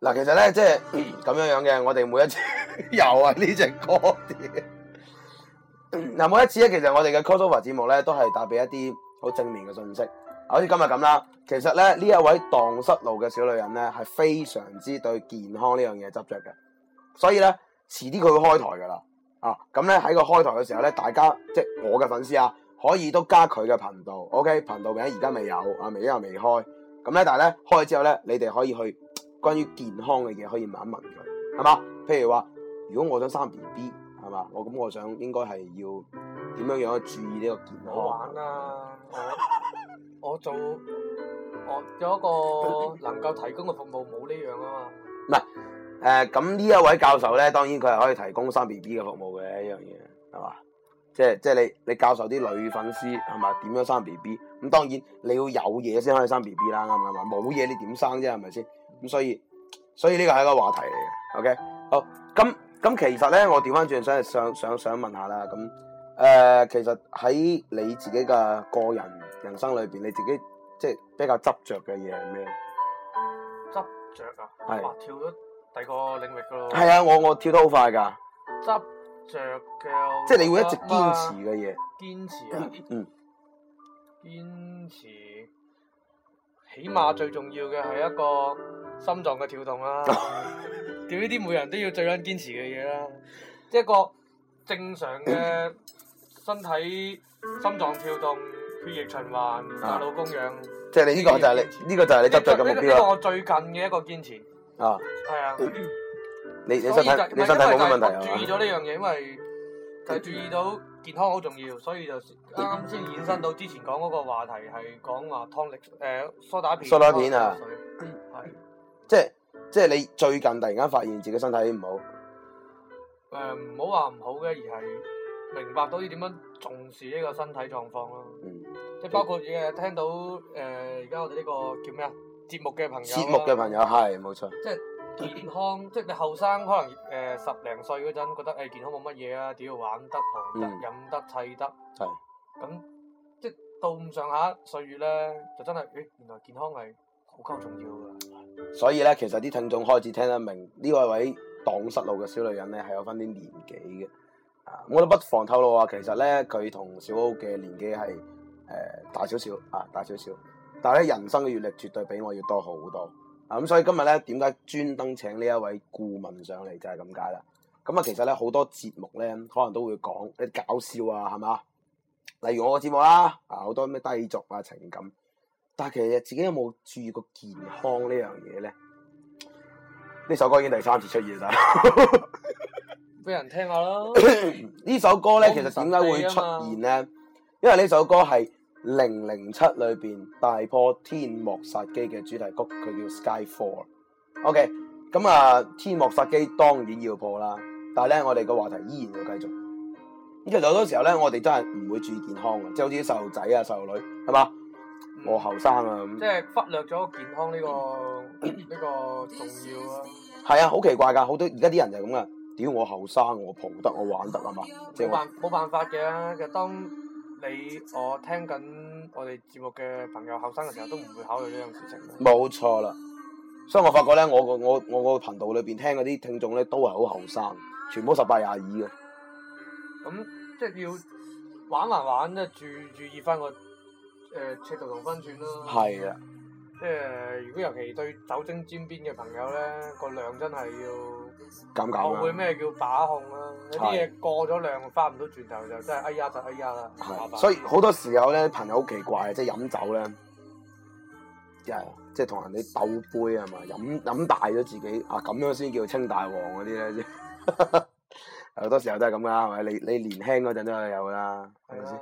嗱、啊，其實咧即係咁樣樣嘅，我哋每一次又 啊呢隻歌，嗱，每一次咧其實我哋嘅 Crossover 節目咧都係帶俾一啲好正面嘅信息，好似今日咁啦。其實咧呢一位蕩失路嘅小女人咧，係非常之對健康呢樣嘢執着嘅。所以咧，遲啲佢會開台噶啦。啊，咁咧喺個開台嘅時候咧，大家即係我嘅粉絲啊，可以都加佢嘅頻道。OK，頻道名而家未有，啊，而家未開。咁咧，但係咧開咗之後咧，你哋可以去關於健康嘅嘢，可以問一問佢，係嘛？譬如話，如果我想生 BB，係嘛？我咁我想應該係要。點樣樣去注意呢個健康啊！我我做我做一個能夠提供嘅服務冇呢樣啊嘛，唔係誒，咁呢一位教授咧，當然佢係可以提供生 B B 嘅服務嘅一樣嘢，係嘛？即係即係你你教授啲女粉絲係嘛，點樣生 B B，咁當然你要有嘢先可以生 B B 啦，係咪啊？冇嘢你點生啫，係咪先？咁所以所以呢個係一個話題嚟嘅，OK，好，咁咁其實咧，我調翻轉，想係想想想問下啦，咁。誒，其實喺你自己嘅個人人生裏邊，你自己即係比較執着嘅嘢係咩？執着啊，係跳咗第個領域噶咯。係啊，我我跳得好快噶。執着嘅，即係你會一直堅持嘅嘢。堅持啊！嗯，堅持，起碼最重要嘅係一個心臟嘅跳動啦。跳呢啲每人都要最緊堅持嘅嘢啦，即係一個正常嘅。身體、心臟跳動、血液循環、大腦供氧，即係你呢個就係你呢個就係你執著嘅目標。呢個我最近嘅一個堅持。啊。係啊。你你身體你身體冇乜問題係嘛？注意咗呢樣嘢，因為就注意到健康好重要，所以就啱先延伸到之前講嗰個話題，係講話湯力誒梳打片。梳打片啊。係。即係即係你最近突然間發現自己身體唔好。誒唔好話唔好嘅，而係。明白到要點樣重視呢個身體狀況咯，即係、嗯、包括嘅聽到誒而家我哋呢個叫咩啊節目嘅朋友啦、啊，節目嘅朋友係冇錯，錯即係健康，嗯、即係你後生可能誒、呃、十零歲嗰陣覺得誒、欸、健康冇乜嘢啊，屌玩得行得飲得、嗯、得砌得，係是，咁即係到咁上下歲月咧，就真係誒、欸、原來健康係好夠重要噶，嗯、所以咧其實啲聽眾開始聽得明呢位位蕩失路嘅小女人咧係有翻啲年紀嘅。我都不妨透露啊。其實咧佢同小歐嘅年紀係誒、呃、大少少啊，大少少，但係咧人生嘅閱歷絕對比我要多好多啊！咁所以今日咧，點解專登請呢一位顧問上嚟就係咁解啦？咁啊，其實咧好多節目咧，可能都會講啲搞笑啊，係嘛？例如我個節目啦、啊，啊好多咩低俗啊情感，但係其實自己有冇注意過健康呢樣嘢咧？呢首歌已經第三次出現啦。呵呵俾人聽下咯，呢 首歌咧其實點解會出現咧？因為呢首歌係《零零七》裏邊大破天幕殺機嘅主題曲，佢叫 Skyfall。OK，咁、嗯、啊，天幕殺機當然要播啦，但係咧我哋個話題依然要繼續。其實好多時候咧，我哋真係唔會注意健康嘅、啊啊嗯嗯，即係好似啲細路仔啊、細路女係嘛，我後生啊咁，即係忽略咗健康呢、這個呢、嗯、個重要咯。係啊，好 奇怪噶，好多而家啲人就係咁噶。屌我後生，我蒲得我玩得吖嘛？即係冇辦冇辦法嘅，其實當你我聽緊我哋節目嘅朋友後生嘅時候，都唔會考慮呢樣事情。冇錯啦，所以我發覺咧，我個我我個頻道裏邊聽嗰啲聽眾咧，都係好後生，全部十八廿二嘅。咁即係要玩還玩咧，注注意翻個誒尺、呃、度同分寸咯。係啊。即係如果尤其對酒精沾邊嘅朋友咧，個量真係要會咩叫把控啦！有啲嘢過咗量，翻唔到轉頭就真係哎呀就哎呀啦。是爸爸所以好多時候咧，朋友好奇怪，即係飲酒咧，即係即係同人哋鬥杯啊嘛，飲飲大咗自己啊，咁樣先叫稱大王嗰啲咧。好 多時候都係咁噶，係咪？你你年輕嗰陣都係有噶，係咪先？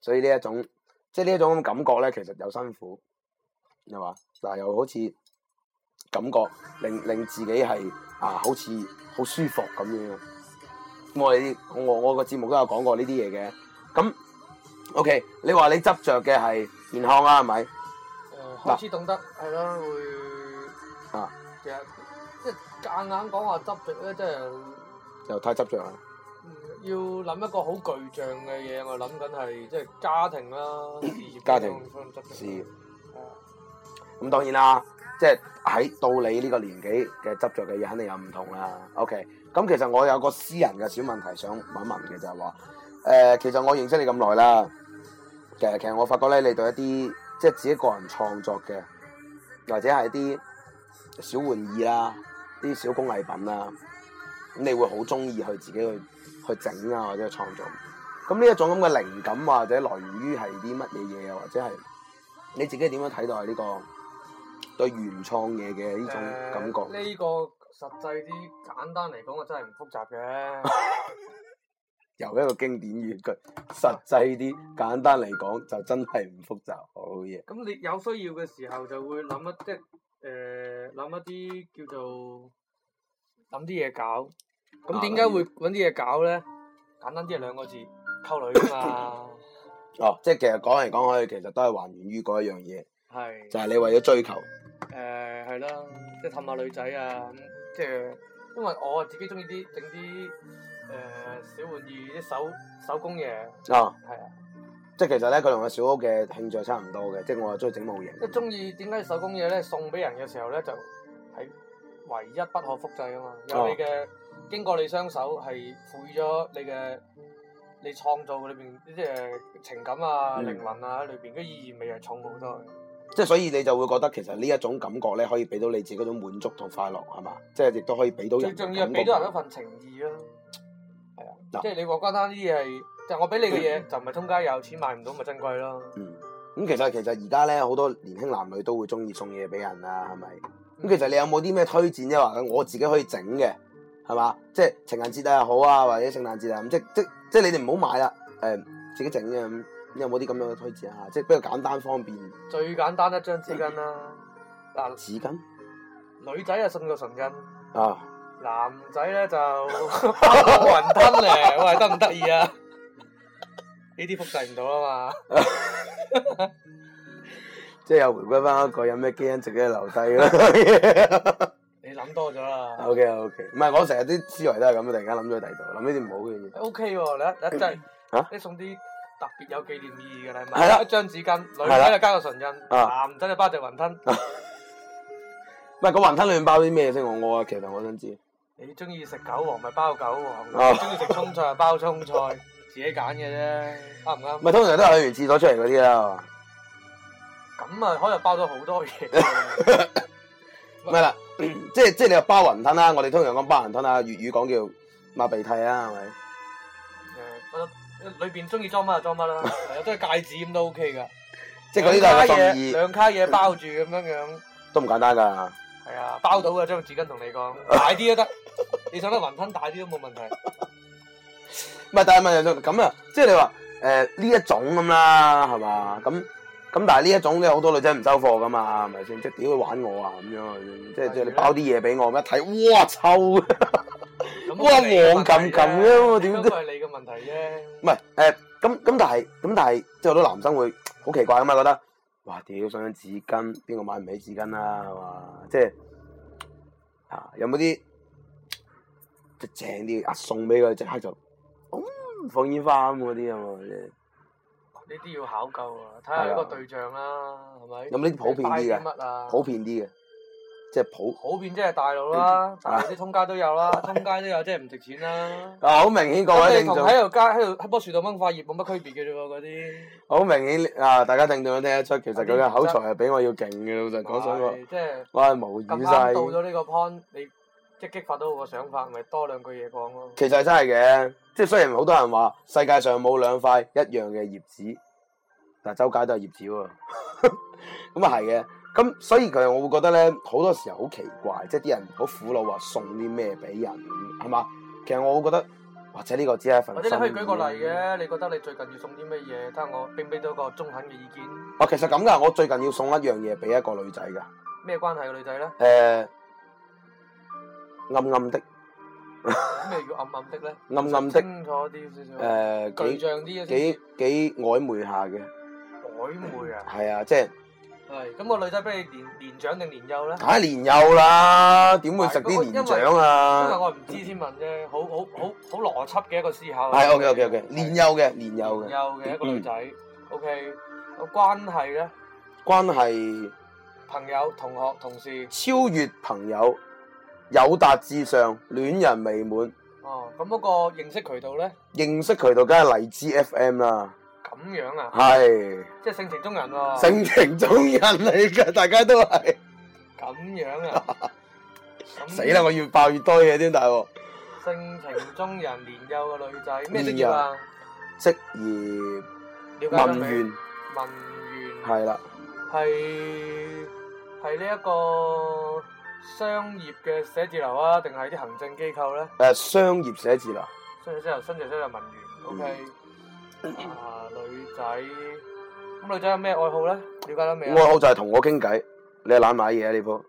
所以呢一種即係呢一種感覺咧，其實又辛苦。又話嗱，又好似感覺令令自己係啊，好似好舒服咁樣。我哋我我個節目都有講過呢啲嘢嘅。咁，嗯，OK，你話你執着嘅係健康啊，係咪？誒，好似懂得係啦，會啊，其實即係夾硬講話執着咧，即係又太執着啦。要諗一個好巨象嘅嘢，我諗緊係即係家庭啦，家庭事業。咁當然啦，即係喺到你呢個年紀嘅執着嘅嘢，肯定有唔同啦。OK，咁其實我有個私人嘅小問題想問一問嘅就係話，誒、呃、其實我認識你咁耐啦，其實其實我發覺咧，你對一啲即係自己個人創作嘅，或者係一啲小玩意啦、啊，啲小工藝品啦、啊，咁你會好中意去自己去去整啊，或者去創造。咁呢一種咁嘅靈感或者來源於係啲乜嘢嘢，或者係你自己點樣睇待呢個？對原創嘢嘅呢種感覺。呢、呃這個實際啲簡單嚟講，我真係唔複雜嘅。 由一個經典語句，實際啲簡單嚟講，就真係唔複雜。好嘢。咁你有需要嘅時候，就會諗、呃、一即係誒諗一啲叫做諗啲嘢搞。咁點解會揾啲嘢搞咧？簡單啲係兩個字，溝女㗎嘛 。哦，即係其實講嚟講去，其實都係還原於嗰一樣嘢。係是。就係你為咗追求。誒，係咯、呃啊嗯，即係氹下女仔啊，咁即係，因為我自己中意啲整啲誒小玩意，啲手手工嘢啊，係啊、哦，的即係其實咧佢同我小屋嘅興趣差唔多嘅，即係我又中意整模型。即係中意，點解手工嘢咧送俾人嘅時候咧就係、是、唯一不可複製啊嘛，有你嘅、哦、經過你雙手係配咗你嘅你創造裏邊啲即係情感啊、靈、嗯、魂啊喺裏邊，嗰意義味又重好多。即係所以你就會覺得其實呢一種感覺咧可以俾到你自己嗰種滿足同快樂係嘛，即係亦都可以俾到人，仲重要俾到人一份情意啦，係啊、嗯，吧即係你落單啲嘢係，就是、我俾你嘅嘢就唔係通街有，錢買唔到咪珍貴咯、嗯。嗯、咁、嗯、其實其實而家咧好多年輕男女都會中意送嘢俾人啊，係咪？咁、嗯、其實你有冇啲咩推薦啫？話我自己可以整嘅，係嘛，即係情人節又好啊，或者聖誕節啊咁，即即即係你哋唔好買啦，誒、嗯，自己整嘅有冇啲咁樣嘅推薦啊？即係比較簡單方便。最簡單一張紙巾啦 okay, okay.、Okay 哦。啊！紙巾。女仔啊，送個唇巾。啊。男仔咧就包個雲吞咧，喂，得唔得意啊？呢啲複製唔到啊嘛。即係又回歸翻一個，有咩基因值得留低咯？你諗多咗啦。O K O K，唔係我成日啲思維都係咁啊！突然間諗咗第二度，諗呢啲唔好嘅嘢。O K 喎，你一一陣，啊，即係送啲。.特別有紀念意義㗎喇，係咪的？係啦，一張紙巾，女仔就加個唇印，的男仔就包隻雲吞。唔係， 個雲吞裏面包啲咩先？我我啊，其實我想知。你中意食韭黃咪包韭黃，中意食蔥菜啊包蔥菜，自己揀嘅啫，啱唔啱？唔係，通常都係去完廁所出嚟嗰啲啦。咁啊 ，可 能是、 就是就是、包咗好多嘢。唔係啦，即係即係你又包雲吞啦，我哋通常講包雲吞啦，粵語講叫抹鼻涕啊，係咪？誒， 裏邊中意裝乜就裝乜啦，有中意戒指咁都 O K 噶，即係嗰啲兩卡嘢包住咁樣樣，都唔簡單噶。係啊，包到嘅，張紙巾同你講，大啲都得， 你想得雲吞大啲都冇問題。唔係， 但係問咁啊，即係你話誒呢一種咁啦，係嘛？咁咁但係呢一種咧好多女仔唔收貨噶嘛，咪先即係屌玩我啊咁樣，即係即係你包啲嘢俾我咁一睇，哇，臭！ 哇，黃咁咁嘅，點都係你嘅問題啫。唔係誒，咁咁、欸、但係，咁但係，即係好多男生會好奇怪咁嘛，覺得哇屌，想紙巾，邊個買唔起紙巾啊？話、嗯、即係啊，有冇啲即正啲啊？送俾佢即刻就，嗯放煙花咁嗰啲啊嘛，呢啲要考究啊，睇下呢個對象啦，係咪？有冇啲普遍啲嘅？啊、普遍啲嘅。即係普普遍，即係大路啦，大路啲通街都有啦，通 對 街都有，即係唔值錢啦。啊，好明顯各位喺度街喺度喺樖樹度掹塊葉冇乜區別嘅啫喎，嗰啲。 好明顯啊！大家聽眾都聽得出，其實佢嘅口才係比我要勁嘅。老實講真、即係、個，我係無語晒。咁啱到咗呢個 point，你即係激發到我想法，咪多兩句嘢講咯。其實真係嘅，即係雖然好多人話世界上冇兩塊一樣嘅葉子，但係周街都係葉子喎。咁啊係嘅。咁、嗯、所以其實我會覺得咧，好多時候好奇怪，即係啲人好苦惱話送啲咩俾人，係嘛？其實我會覺得，或者呢個只係一份心意。或者你可以舉個例嘅，你覺得你最近要送啲咩嘢？睇下我俾唔俾到個中肯嘅意見。哦、嗯，其實咁噶，我最近要送一樣嘢俾一個女仔噶。咩關係嘅女仔咧？誒、呃，暗暗的。咩 叫暗暗的咧？暗暗的。清楚啲少少。誒、呃，具象啲。幾幾曖昧下嘅。曖昧啊？係啊，即係。即即即即即係咁，個女仔比你年年長定年幼咧？梗年幼啦，點會食啲年長啊？因為我唔知先問啫，好好好好邏輯嘅一個思考。係 OK OK OK，年幼嘅年幼嘅。年幼嘅一個女仔，OK，個關係咧？關係朋友、同學、同事，超越朋友，友達至上，戀人未滿。哦，咁嗰個認識渠道咧？認識渠道梗係荔枝 FM 啦。咁樣啊？係，即係性情中人喎。性情中人嚟噶，大家都係。咁樣啊？死啦！我越爆越多嘢添，大鑊。性情中人，年幼嘅女仔。咩職業啊。職業。了解啦，未？文員。文員。係啦。係係呢一個商業嘅寫字樓啊，定係啲行政機構咧？誒，商業寫字樓。商業寫字樓，新晉寫字樓，文員。O K。啊，女仔咁、啊、女仔有咩愛好咧？了解得未、哦、啊？愛好就係同我傾偈，你係懶買嘢啊，呢鋪。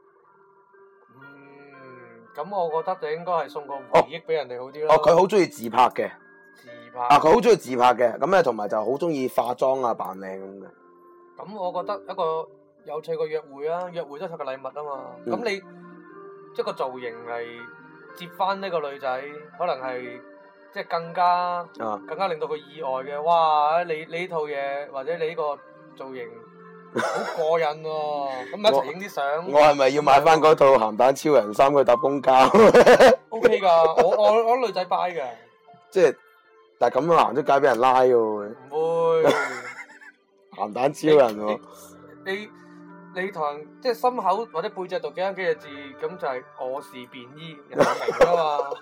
嗯，咁我覺得就應該係送個回憶俾人哋好啲咯、哦。哦，佢好中意自拍嘅。自拍啊，佢好中意自拍嘅，咁咧同埋就好中意化妝啊，扮靚咁嘅。咁、嗯、我覺得一個有趣個約會啊，約會都係個禮物啊嘛。咁你即個造型嚟，接翻呢個女仔，可能係、嗯。即係更加，更加令到佢意外嘅，哇！你你呢套嘢或者你呢個造型好 過癮哦，咁一齊影啲相。我係咪要買翻嗰套咸蛋超人衫去搭公交？O K 噶，我我我女仔 buy 嘅。 即係，但係咁行出街俾人拉嘅會唔會？咸 蛋超人喎，你你同人即係心口或者背脊讀幾多幾隻字，咁就係我是便衣，人哋明噶嘛。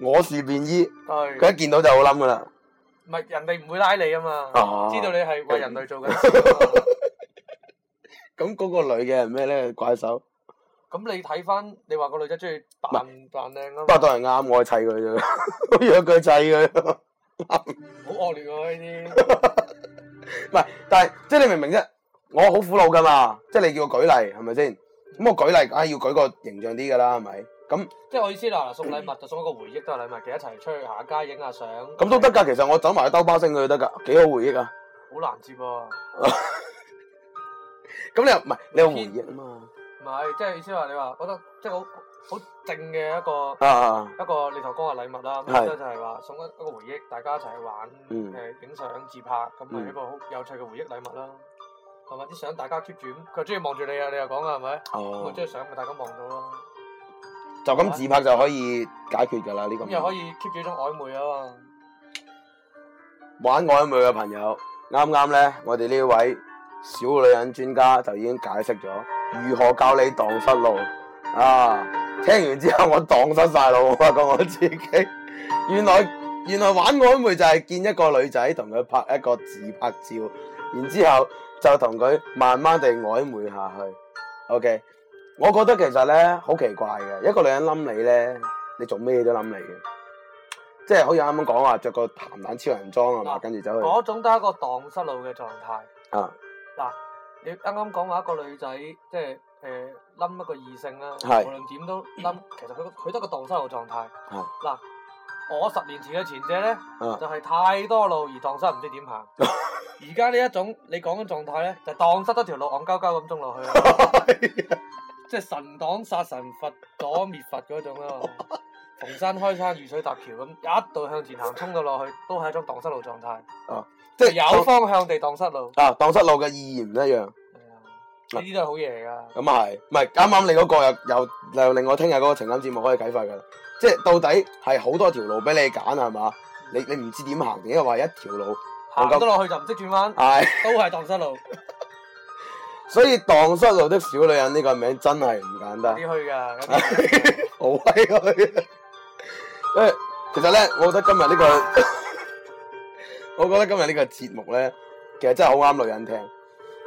我是便衣，佢對 一見到就好諗噶啦。唔係，人哋唔會拉你啊嘛，啊知道你係為人類做嘅、 啊。咁 嗰個女嘅係咩咧？怪獸。咁你睇翻，你話個女仔中意扮扮靚啊，不過，都係啱，我砌佢啫，我用句砌佢。好惡劣喎呢啲。唔係，但係即係你明明啫，我好苦惱噶嘛。即係你叫我舉例，係咪先？咁我舉例啊，要舉，啊啊、要舉個形象啲噶啦，係咪？咁即係我意思啦，送禮物就送一個回憶都係禮物，幾一齊出去行下街影下相。咁都得噶，其實我走埋去兜巴星佢得噶幾好回憶啊！好難接噃。咁你又唔係，你有回憶啊嘛？唔係，即係意思話你話覺得即係好好正嘅一個，一個你頭哥嘅禮物啦。係，就係話送一一個回憶，大家一齊去玩，誒影相自拍，咁咪一個好有趣嘅回憶禮物啦。同埋啲相大家 keep 住，佢中意望住你啊！你又講啊，係咪？哦。咁啊，啲相咪大家望到咯。就咁自拍就可以解決㗎啦！呢個又可以 keep 幾種曖昧啊嘛！玩曖昧嘅朋友，啱啱咧，我哋呢位小女人專家就已經解釋咗如何教你蕩失路啊！聽完之後，我蕩失晒路，我發覺我自己原來原來玩曖昧就係見一個女仔同佢拍一個自拍照，然之後就同佢慢慢地曖昧下去。OK。我覺得其實咧好奇怪嘅，一個女人冧你咧，你做咩都冧你嘅，即係好似啱啱講話着個鹹蛋超人裝啊嘛，啊跟住走去嗰種都係一個蕩失路嘅狀態。啊！嗱、啊，你啱啱講話一個女仔，即係誒冧一個異性啦，是無論點都冧，其實佢佢得個蕩失路狀態。係嗱、啊啊，我十年前嘅前者咧，啊、就係太多路而蕩失，唔知點行。而家呢一種你講嘅狀態咧，就蕩失咗條路，戇鳩鳩咁中落去啦。即係神擋殺神，佛擋滅佛嗰種咯，逢山開山，遇水搭橋咁，一度向前行，衝到落去都係一種蕩失路狀態。哦、啊，即係有方向地蕩失路。啊，蕩失路嘅意義唔一樣。呢啲、啊、都係好嘢嚟噶。咁啊係，唔係啱啱你嗰個又又又令我聽日嗰個情感節目可以啟發噶。即係到底係好多條路俾你揀係嘛？你你唔知點行，點解話一條路行得落去就唔識轉彎？係的 都係蕩失路。所以蕩失路的小女人呢個名真係唔簡單，好 威去風。誒， 其實咧，我覺得今日呢、這個， 我覺得今日呢個節目咧，其實真係好啱女人聽。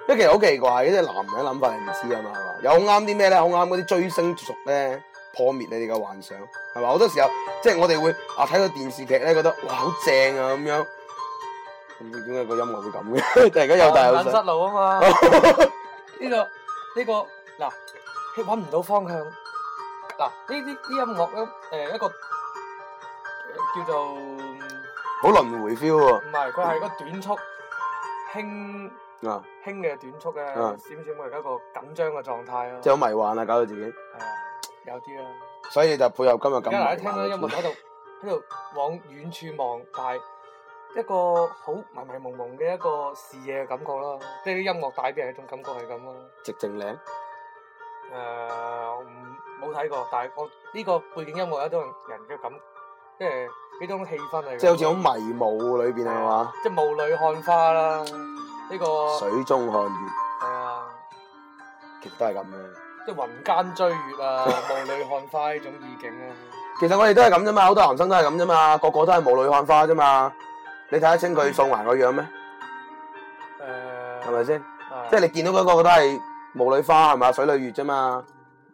因為其實好奇怪，因為男人諗法係唔知啊嘛，有好啱啲咩咧，好啱嗰啲追星族咧，破滅你哋嘅幻想係嘛？好多時候，即係我哋會啊睇到電視劇咧，覺得哇好正啊咁樣。咁點解個音樂會咁嘅？ 突然間又大又失路啊嘛。 呢個呢個嗱，佢搵唔到方向，嗱呢啲呢音樂咧，誒一個叫做好輪回 feel 喎。唔係，佢係一個短促輕啊輕嘅短促嘅，顯示我而家一個緊張嘅狀態咯。即係好迷幻啊！搞到自己係啊，有啲啦。所以就配合今日咁。因為嗱，你聽到音樂喺度喺度往遠處望但係。一個好迷迷濛濛嘅一個視野嘅感覺咯，即係啲音樂帶俾人一種感覺係咁咯。寂靜嶺？誒，我唔冇睇過，但係我呢個背景音樂有一種人嘅感，即係呢種氣氛係。即係好似好迷霧裏邊係嘛？即係霧裏看花啦，呢個水中看月。係啊，全部都係咁嘅。即係雲間追月啊，霧裏看花呢種意境啊。其實我哋都係咁啫嘛，好多男生都係咁啫嘛，個個都係霧裏看花啫嘛。你睇得清佢送還個樣咩？誒，係咪先？誒，即係你見到嗰個，佢都係霧裏花係嘛，水裏月啫嘛，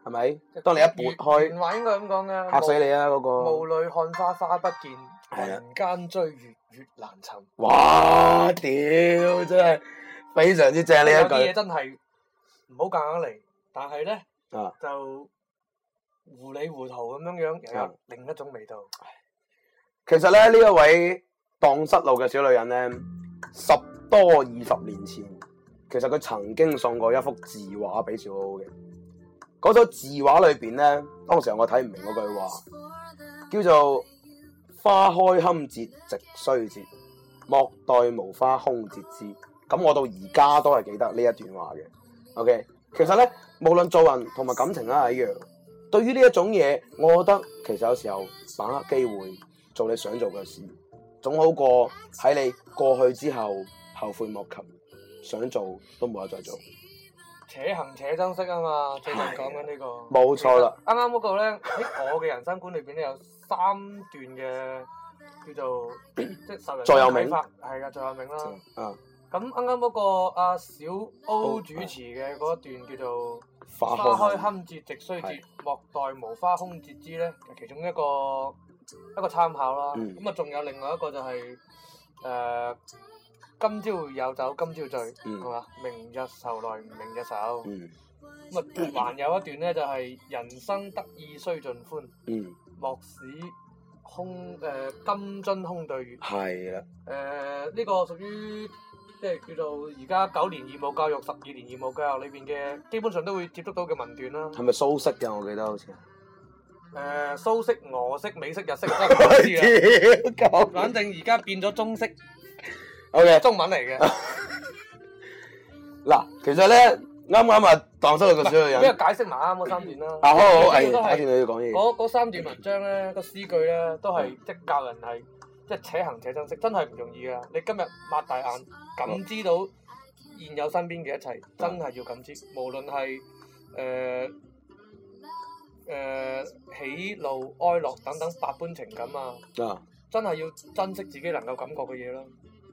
係咪？當你一撥開，嚇死你啊！嗰個霧裏看花花不見，人間追月月難尋。哇！屌，真係非常之正呢一句。有啲嘢真係唔好夾硬嚟，但係咧就糊里糊塗咁樣樣又有另一種味道。其實咧呢一位，蕩失路嘅小女人呢，十多二十年前，其實佢曾經送過一幅字畫俾小 O 嘅。嗰首字畫裏邊呢，當時我睇唔明嗰句話，叫做花開堪折直須折，莫待無花空折枝。咁我到而家都係記得呢一段話嘅。OK，其實呢，無論做人同埋感情都係一樣。對於呢一種嘢，我覺得其實有時候把握機會做你想做嘅事。總好過喺你過去之後後悔莫及，想做都冇得再做。且行且珍惜啊嘛，最近講緊呢個。冇錯啦，啱啱嗰個咧喺 我嘅人生觀裏邊咧有三段嘅，叫做 即實例。最有名。係噶最有名啦。啊、嗯。咁啱啱嗰個阿小 O 主持嘅嗰一段叫做花開堪折直須折，莫待無花空折枝咧，係其中一個。一個參考啦，咁啊仲有另外一個就係、是、誒、呃、今朝有酒今朝醉，係嘛、嗯？明日愁來明日愁，咁啊、嗯嗯、還有一段咧就係、是、人生得意須盡歡，莫、嗯、使空誒、呃、金樽空對月。係啦、啊，誒呢、呃這個屬於即係叫做而家九年義務教育、十二年義務教育裏邊嘅，基本上都會接觸到嘅文段啦。係咪蘇軾嘅我記得好似？誒，蘇式、俄式、美式、日式都唔知啦。反正而家變咗中式，中文嚟嘅。嗱，其實咧，啱啱啊，蕩失咗個書嘅人。解釋埋啱嗰三段啦。啊，好好，打斷你講嘢。嗰嗰三段文章咧，個詩句咧，都係即係教人係，即係且行且珍惜，真係唔容易噶。你今日擘大眼感知到現有身邊嘅一切，真係要感知。無論係誒。誒，喜怒哀樂等等百般情感啊，真係要珍惜自己能夠感覺嘅嘢咯。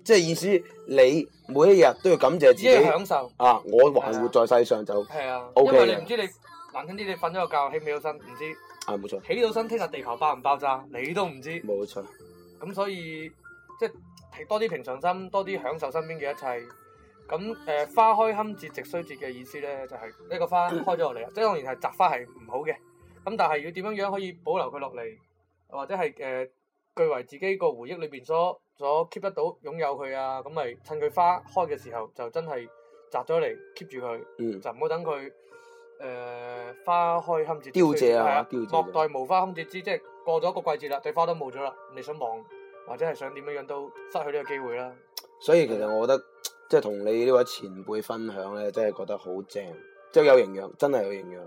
即係意思，你每一日都要感謝自己，享受啊！我還活在世上就係啊，OK，因為你唔知你難聽啲，你瞓咗個覺起唔到身，唔知係冇錯。起到身聽日地球爆唔爆炸，你都唔知冇錯。咁所以即係多啲平常心，多啲享受身邊嘅一切。咁誒，花開堪折直須折嘅意思咧，就係呢個花開咗落嚟，即係當然係摘花係唔好嘅。咁但係要點樣樣可以保留佢落嚟，或者係誒、呃，據為自己個回憶裏邊所所 keep 得到擁有佢啊，咁咪趁佢花開嘅時候就真係摘咗嚟 keep 住佢，嗯、就唔好等佢誒、呃、花開堪折。凋謝啊，謝啊莫待無花堪折枝，嗯、即係過咗一個季節啦，對花都冇咗啦，你想望或者係想點樣樣都失去呢個機會啦。所以其實我覺得即係同你呢位前輩分享咧，真係覺得好正，即係有營養，真係有營養。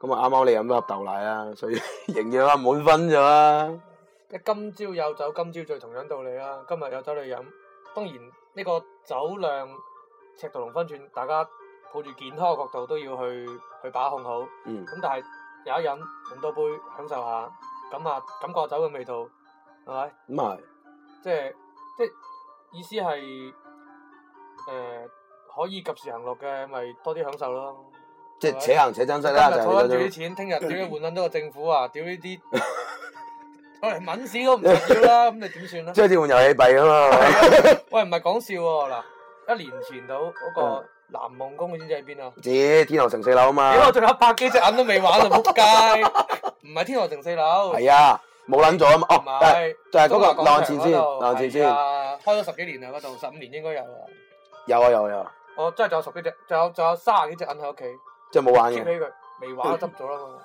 咁啊，啱啱你飲咗盒豆奶啊，所以營養啊滿分咗啦。即係今朝有酒今朝醉，同樣道理啦。今日有酒你飲，當然呢、這個酒量尺度同分寸，大家抱住健康嘅角度都要去去把控好。嗯。咁但係有一飲，咁多杯，享受下，感受感受酒嘅味道，係咪？唔係。即係即係意思係，誒、呃，可以及時行樂嘅，咪多啲享受咯。即係且行且珍惜啦，就係。坐穩住啲錢，聽日點樣換捻到個政府啊？屌 呢啲。 喂，揾屎都唔少啦，咁你點算咧？即係換遊戲幣啊嘛！喂，唔係講笑喎，嗱，一年前到嗰個南夢宮先錢喺邊啊？姐，天河城四樓啊嘛。欸、我仲有百幾隻銀都未玩啊！仆街，唔係天河城四樓。係啊，冇捻咗啊嘛！有哦，係就係嗰個浪錢先，浪錢先，哎、開咗十幾年啊，嗰度十五年應該有，有啊。有啊有啊有啊！有啊哦，真係仲有，有，有十幾隻，仲有仲有卅幾隻銀喺屋企。即係冇玩嘢，未玩啊，執咗啦嘛。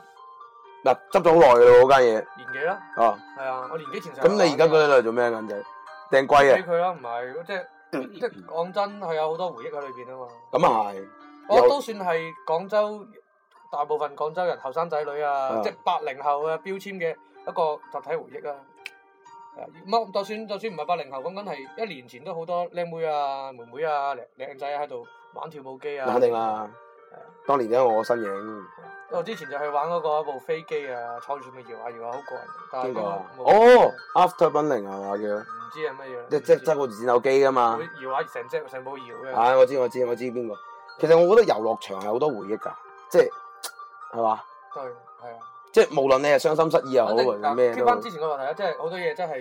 嗱，執咗好耐嘅咯，嗰間嘢。年幾啦？哦，係啊，我年幾前就。咁你而家嗰啲嚟做咩啊？靚仔，掟龜啊？俾佢啦，唔係，即係即係講真，係有好多回憶喺裏邊啊嘛。咁係。我都算係廣州大部分廣州人後生仔女啊，即係八零後嘅標籤嘅一個集體回憶啊。冇，就算就算唔係八零後，講緊係一年前都好多靚妹啊、妹妹啊、靚靚仔啊喺度玩跳舞機啊。那肯定啦。當年都有我個身影，因我之前就去玩嗰個一部飛機啊，坐住搖下搖下好過人。邊、啊啊那個？哦 Afterburning 係咪叫？唔知係乜嘢。即即揸住戰鬥機噶嘛？搖下成隻成部搖嘅。係、啊啊，我知我知我知邊個。嗯、其實我覺得遊樂場係好多回憶噶，即係係嘛？對，係啊。即係無論你係傷心失意又好，定或者咩都好。傾翻之前個話題啦，即係好多嘢真係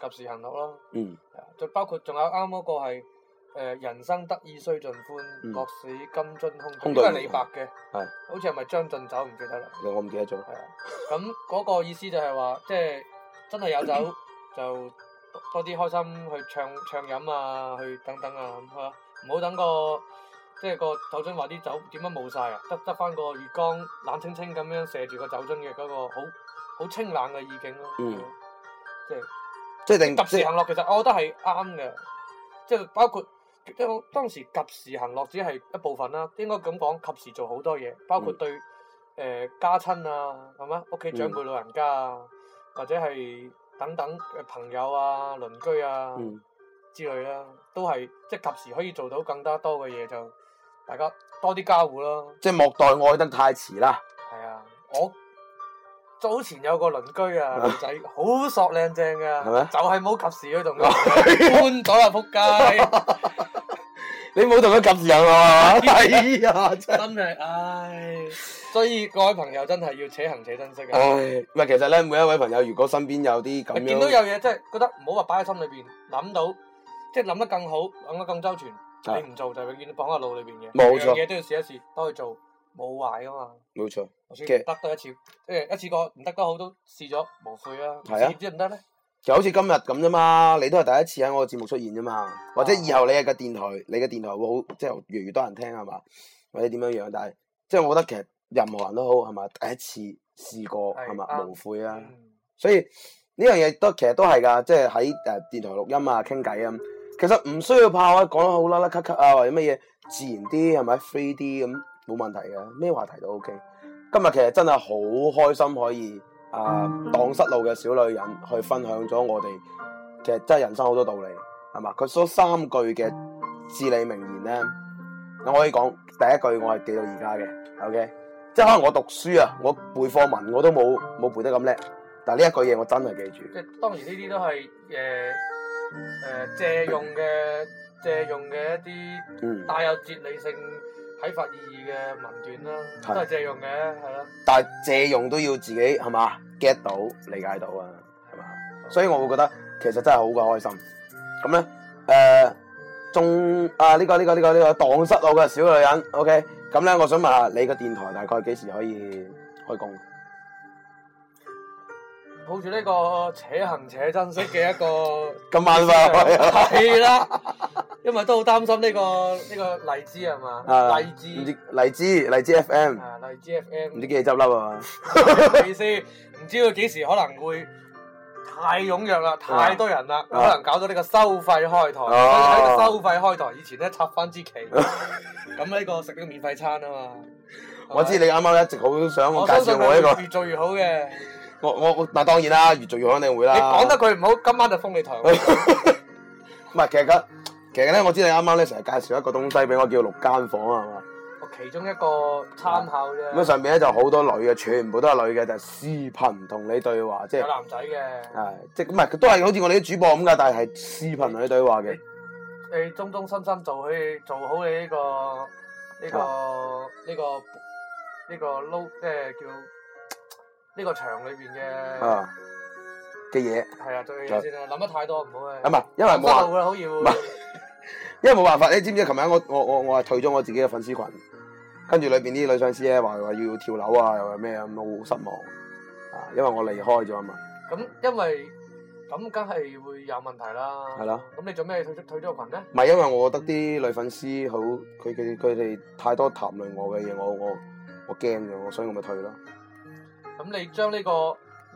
要及時行樂咯。嗯。就包括仲有啱嗰個係。誒，人生得意須盡歡，莫使金樽空對月。李監白嘅，係是，好似係咪將進酒唔記得啦？我唔記得咗。係啊的。咁嗰、嗯那個意思就係話，即、就、係、是、真係有酒就多啲開心去唱唱飲啊，去等等啊，咁嗬。唔好等個即係個酒樽話啲酒點樣冇晒啊？得得翻個月光冷清清咁樣射住個酒樽嘅嗰個好好清冷嘅意境咯。嗯。即係、就是。即係定。落是，其實我覺得係啱嘅，即係是 包括。即係我當時及時行樂只係一部分啦，應該咁講，及時做好多嘢，包括對誒、呃、家親啊，係嘛，屋企長輩老人家啊，嗯、或者係等等嘅朋友啊、鄰居啊、嗯、之類啦、啊，都係即係及時可以做到更加多嘅嘢，就大家多啲交互咯。即係莫待愛得太遲啦。係啊，我早前有個鄰居啊，男仔好索靚正噶，嗎就係冇及時去動作，搬咗啊，撲街。 你冇同佢及住人啊嘛！ 哎呀，真係，唉、哎，所以各位朋友真係要且行且珍惜啊！唉、哎，是其實咧，每一位朋友如果身邊有啲咁樣，見到有嘢，即、就、係、是、覺得唔好話擺喺心裏邊，諗到即係諗得更好，諗得更周全，啊、你唔做就永遠綁喺腦裏邊嘅。冇錯，嘢都要試一試，多去做，冇壞噶嘛。冇錯嘅，即得都一次，即係一次過唔得都好，都試咗無去啦。係啊，點唔、啊、得咧？就好似今日咁啫嘛，你都係第一次喺我嘅節目出現啫嘛，或者以後你係個電台，你嘅電台會好，即係越來越多人聽係嘛，或者點樣樣，但係即係我覺得其實任何人都好係嘛，第一次試過係嘛，的無悔啊，所以呢樣嘢都其實都係噶，即係喺誒電台錄音啊傾偈啊，其實唔需要怕我講得好甩甩咳咳啊，或者乜嘢自然啲係咪 free 啲咁冇問題嘅，咩話題都 OK。今日其實真係好開心可以。啊！蕩失路嘅小女人去分享咗我哋嘅其實真係人生好多道理，係嘛？佢所三句嘅至理名言咧，我可以講第一句我係記到而家嘅，OK。即係可能我讀書啊，我背課文我都冇冇背得咁叻，但係呢一句嘢我真係記住。即係當然呢啲都係誒誒借用嘅，借用嘅一啲帶有哲理性。啟發意義嘅文段啦，是都係借用嘅，係咯。但係借用都要自己係嘛 get 到理解到啊，係嘛？所以我會覺得其實真係好鬼開心。咁咧誒，仲啊呢、呢個呢、呢個呢、呢個呢、呢個蕩失路嘅小女人，OK。咁咧，我想問下你個電台大概幾時可以開工？抱住呢個且行且珍惜嘅一個今晚飯，係啦，因為都好擔心呢個呢個荔枝啊嘛，荔枝荔枝荔枝 FM，荔枝 FM 唔知幾時執笠啊，意思唔知佢幾時可能會太踴躍啦，太多人啦，可能搞到呢個收費開台，收費開台以前咧插翻支旗，咁呢個食呢個免費餐啊嘛，我知你啱啱一直好想我介紹我呢個越做越好嘅。我我我，嗱當然啦，越做越肯定會啦。你講得佢唔好，今晚就封你台。唔係， 其實其實咧，我知你啱啱咧成日介紹一個東西俾我，叫六間房啊嘛。我其中一個參考啫。咁上面咧就好多女嘅，全部都係女嘅，就係視頻同你對話，即係有男仔嘅。係，即唔係都係好似我哋啲主播咁噶，但係係視頻同你對話嘅。你忠忠心心做，你中中身身做好你呢個呢個呢個呢個撈，即係叫。叫叫叫呢個場裏邊嘅嘅嘢，係啊，做嘢先啦，諗得、啊、就太多唔好嘅。唔係，因為冇辦，唔係，因為冇辦法。 你知唔知？琴日，我我我我係退咗我自己嘅粉絲群，跟住裏邊啲女粉絲咧，話話要跳樓啊，又話咩啊，好失望啊，因為我離開咗啊嘛。咁因為咁，梗係會有問題啦。係啦的，咁你做咩退出退咗個群咧？唔係，因為我覺得啲女粉絲好，佢佢哋太多談論我嘅嘢，我我我驚咗，所以我咪退咯。咁你將呢個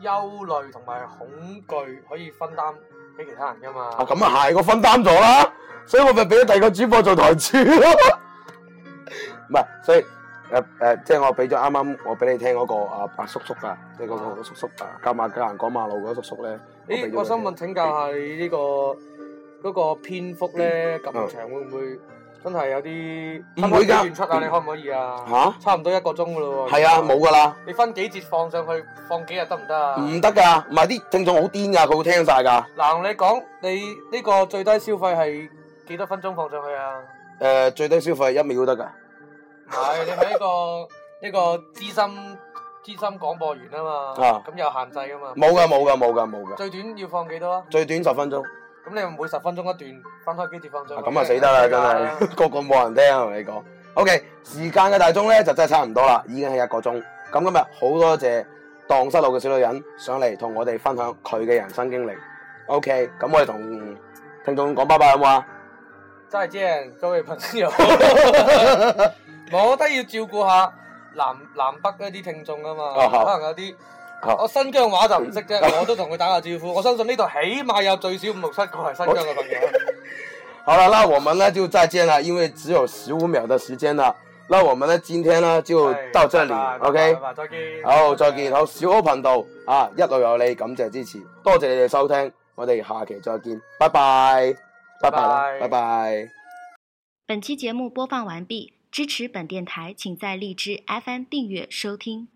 憂慮同埋恐懼可以分擔俾其他人噶嘛？哦、啊，咁啊係，我分擔咗啦，所以我咪俾咗第二個主播做台柱咯。唔 係，所以誒誒、呃呃，即係我俾咗啱啱我俾你聽嗰、那個白、啊、叔叔啊，即係嗰個叔叔啊，夾馬夾人講馬路嗰個叔叔咧。咦、欸，我，我想問請教下、嗯、你、這個那個、呢個嗰個篇幅咧，咁長、嗯、會唔會？真係有啲唔會噶，演出啊，你可唔可以啊？嚇，差唔多一個鐘噶咯喎。係啊，冇噶啦。你分幾節放上去，放幾日得唔得啊？唔得噶，唔係啲聽眾好癲噶，佢會聽晒噶。嗱，你講你呢個最低消費係幾多分鐘放上去啊？誒，最低消費一秒都得噶。係，你係一個一個資深資深廣播員啊嘛。啊。咁有限制噶嘛？冇噶，冇噶，冇噶，冇噶。最短要放幾多啊？最短十分鐘。咁你每十分鐘一段，分開幾分鐘。咁啊死得啦，真係個個冇人聽同、啊、你講。OK，時間嘅大鐘咧就真係差唔多啦，已經係一個鐘。咁今日好多謝蕩失路嘅小女人上嚟同我哋分享佢嘅人生經歷。OK，咁我哋同聽眾講拜拜好冇啊？再見，各位朋友， 我都要照顧下南南北嗰啲聽眾啊嘛，oh, 好可能有啲。好我新疆話就唔識啫，我都同佢打下招呼。 我相信呢度起碼有最少五六七個係新疆嘅朋友。 好啦，那我們呢就再見啦，因為只有十五秒嘅時間啦。那我們呢今天呢就到這裏，OK。好，拜拜再見，好，後再見，然後小歐頻道啊一路有你，感謝支持，多謝你哋收聽，我哋下期再見，拜拜，拜拜，拜，拜，拜，拜，拜拜。本期節目播放完畢，支持本電台，請在荔枝 FM 訂閱收聽。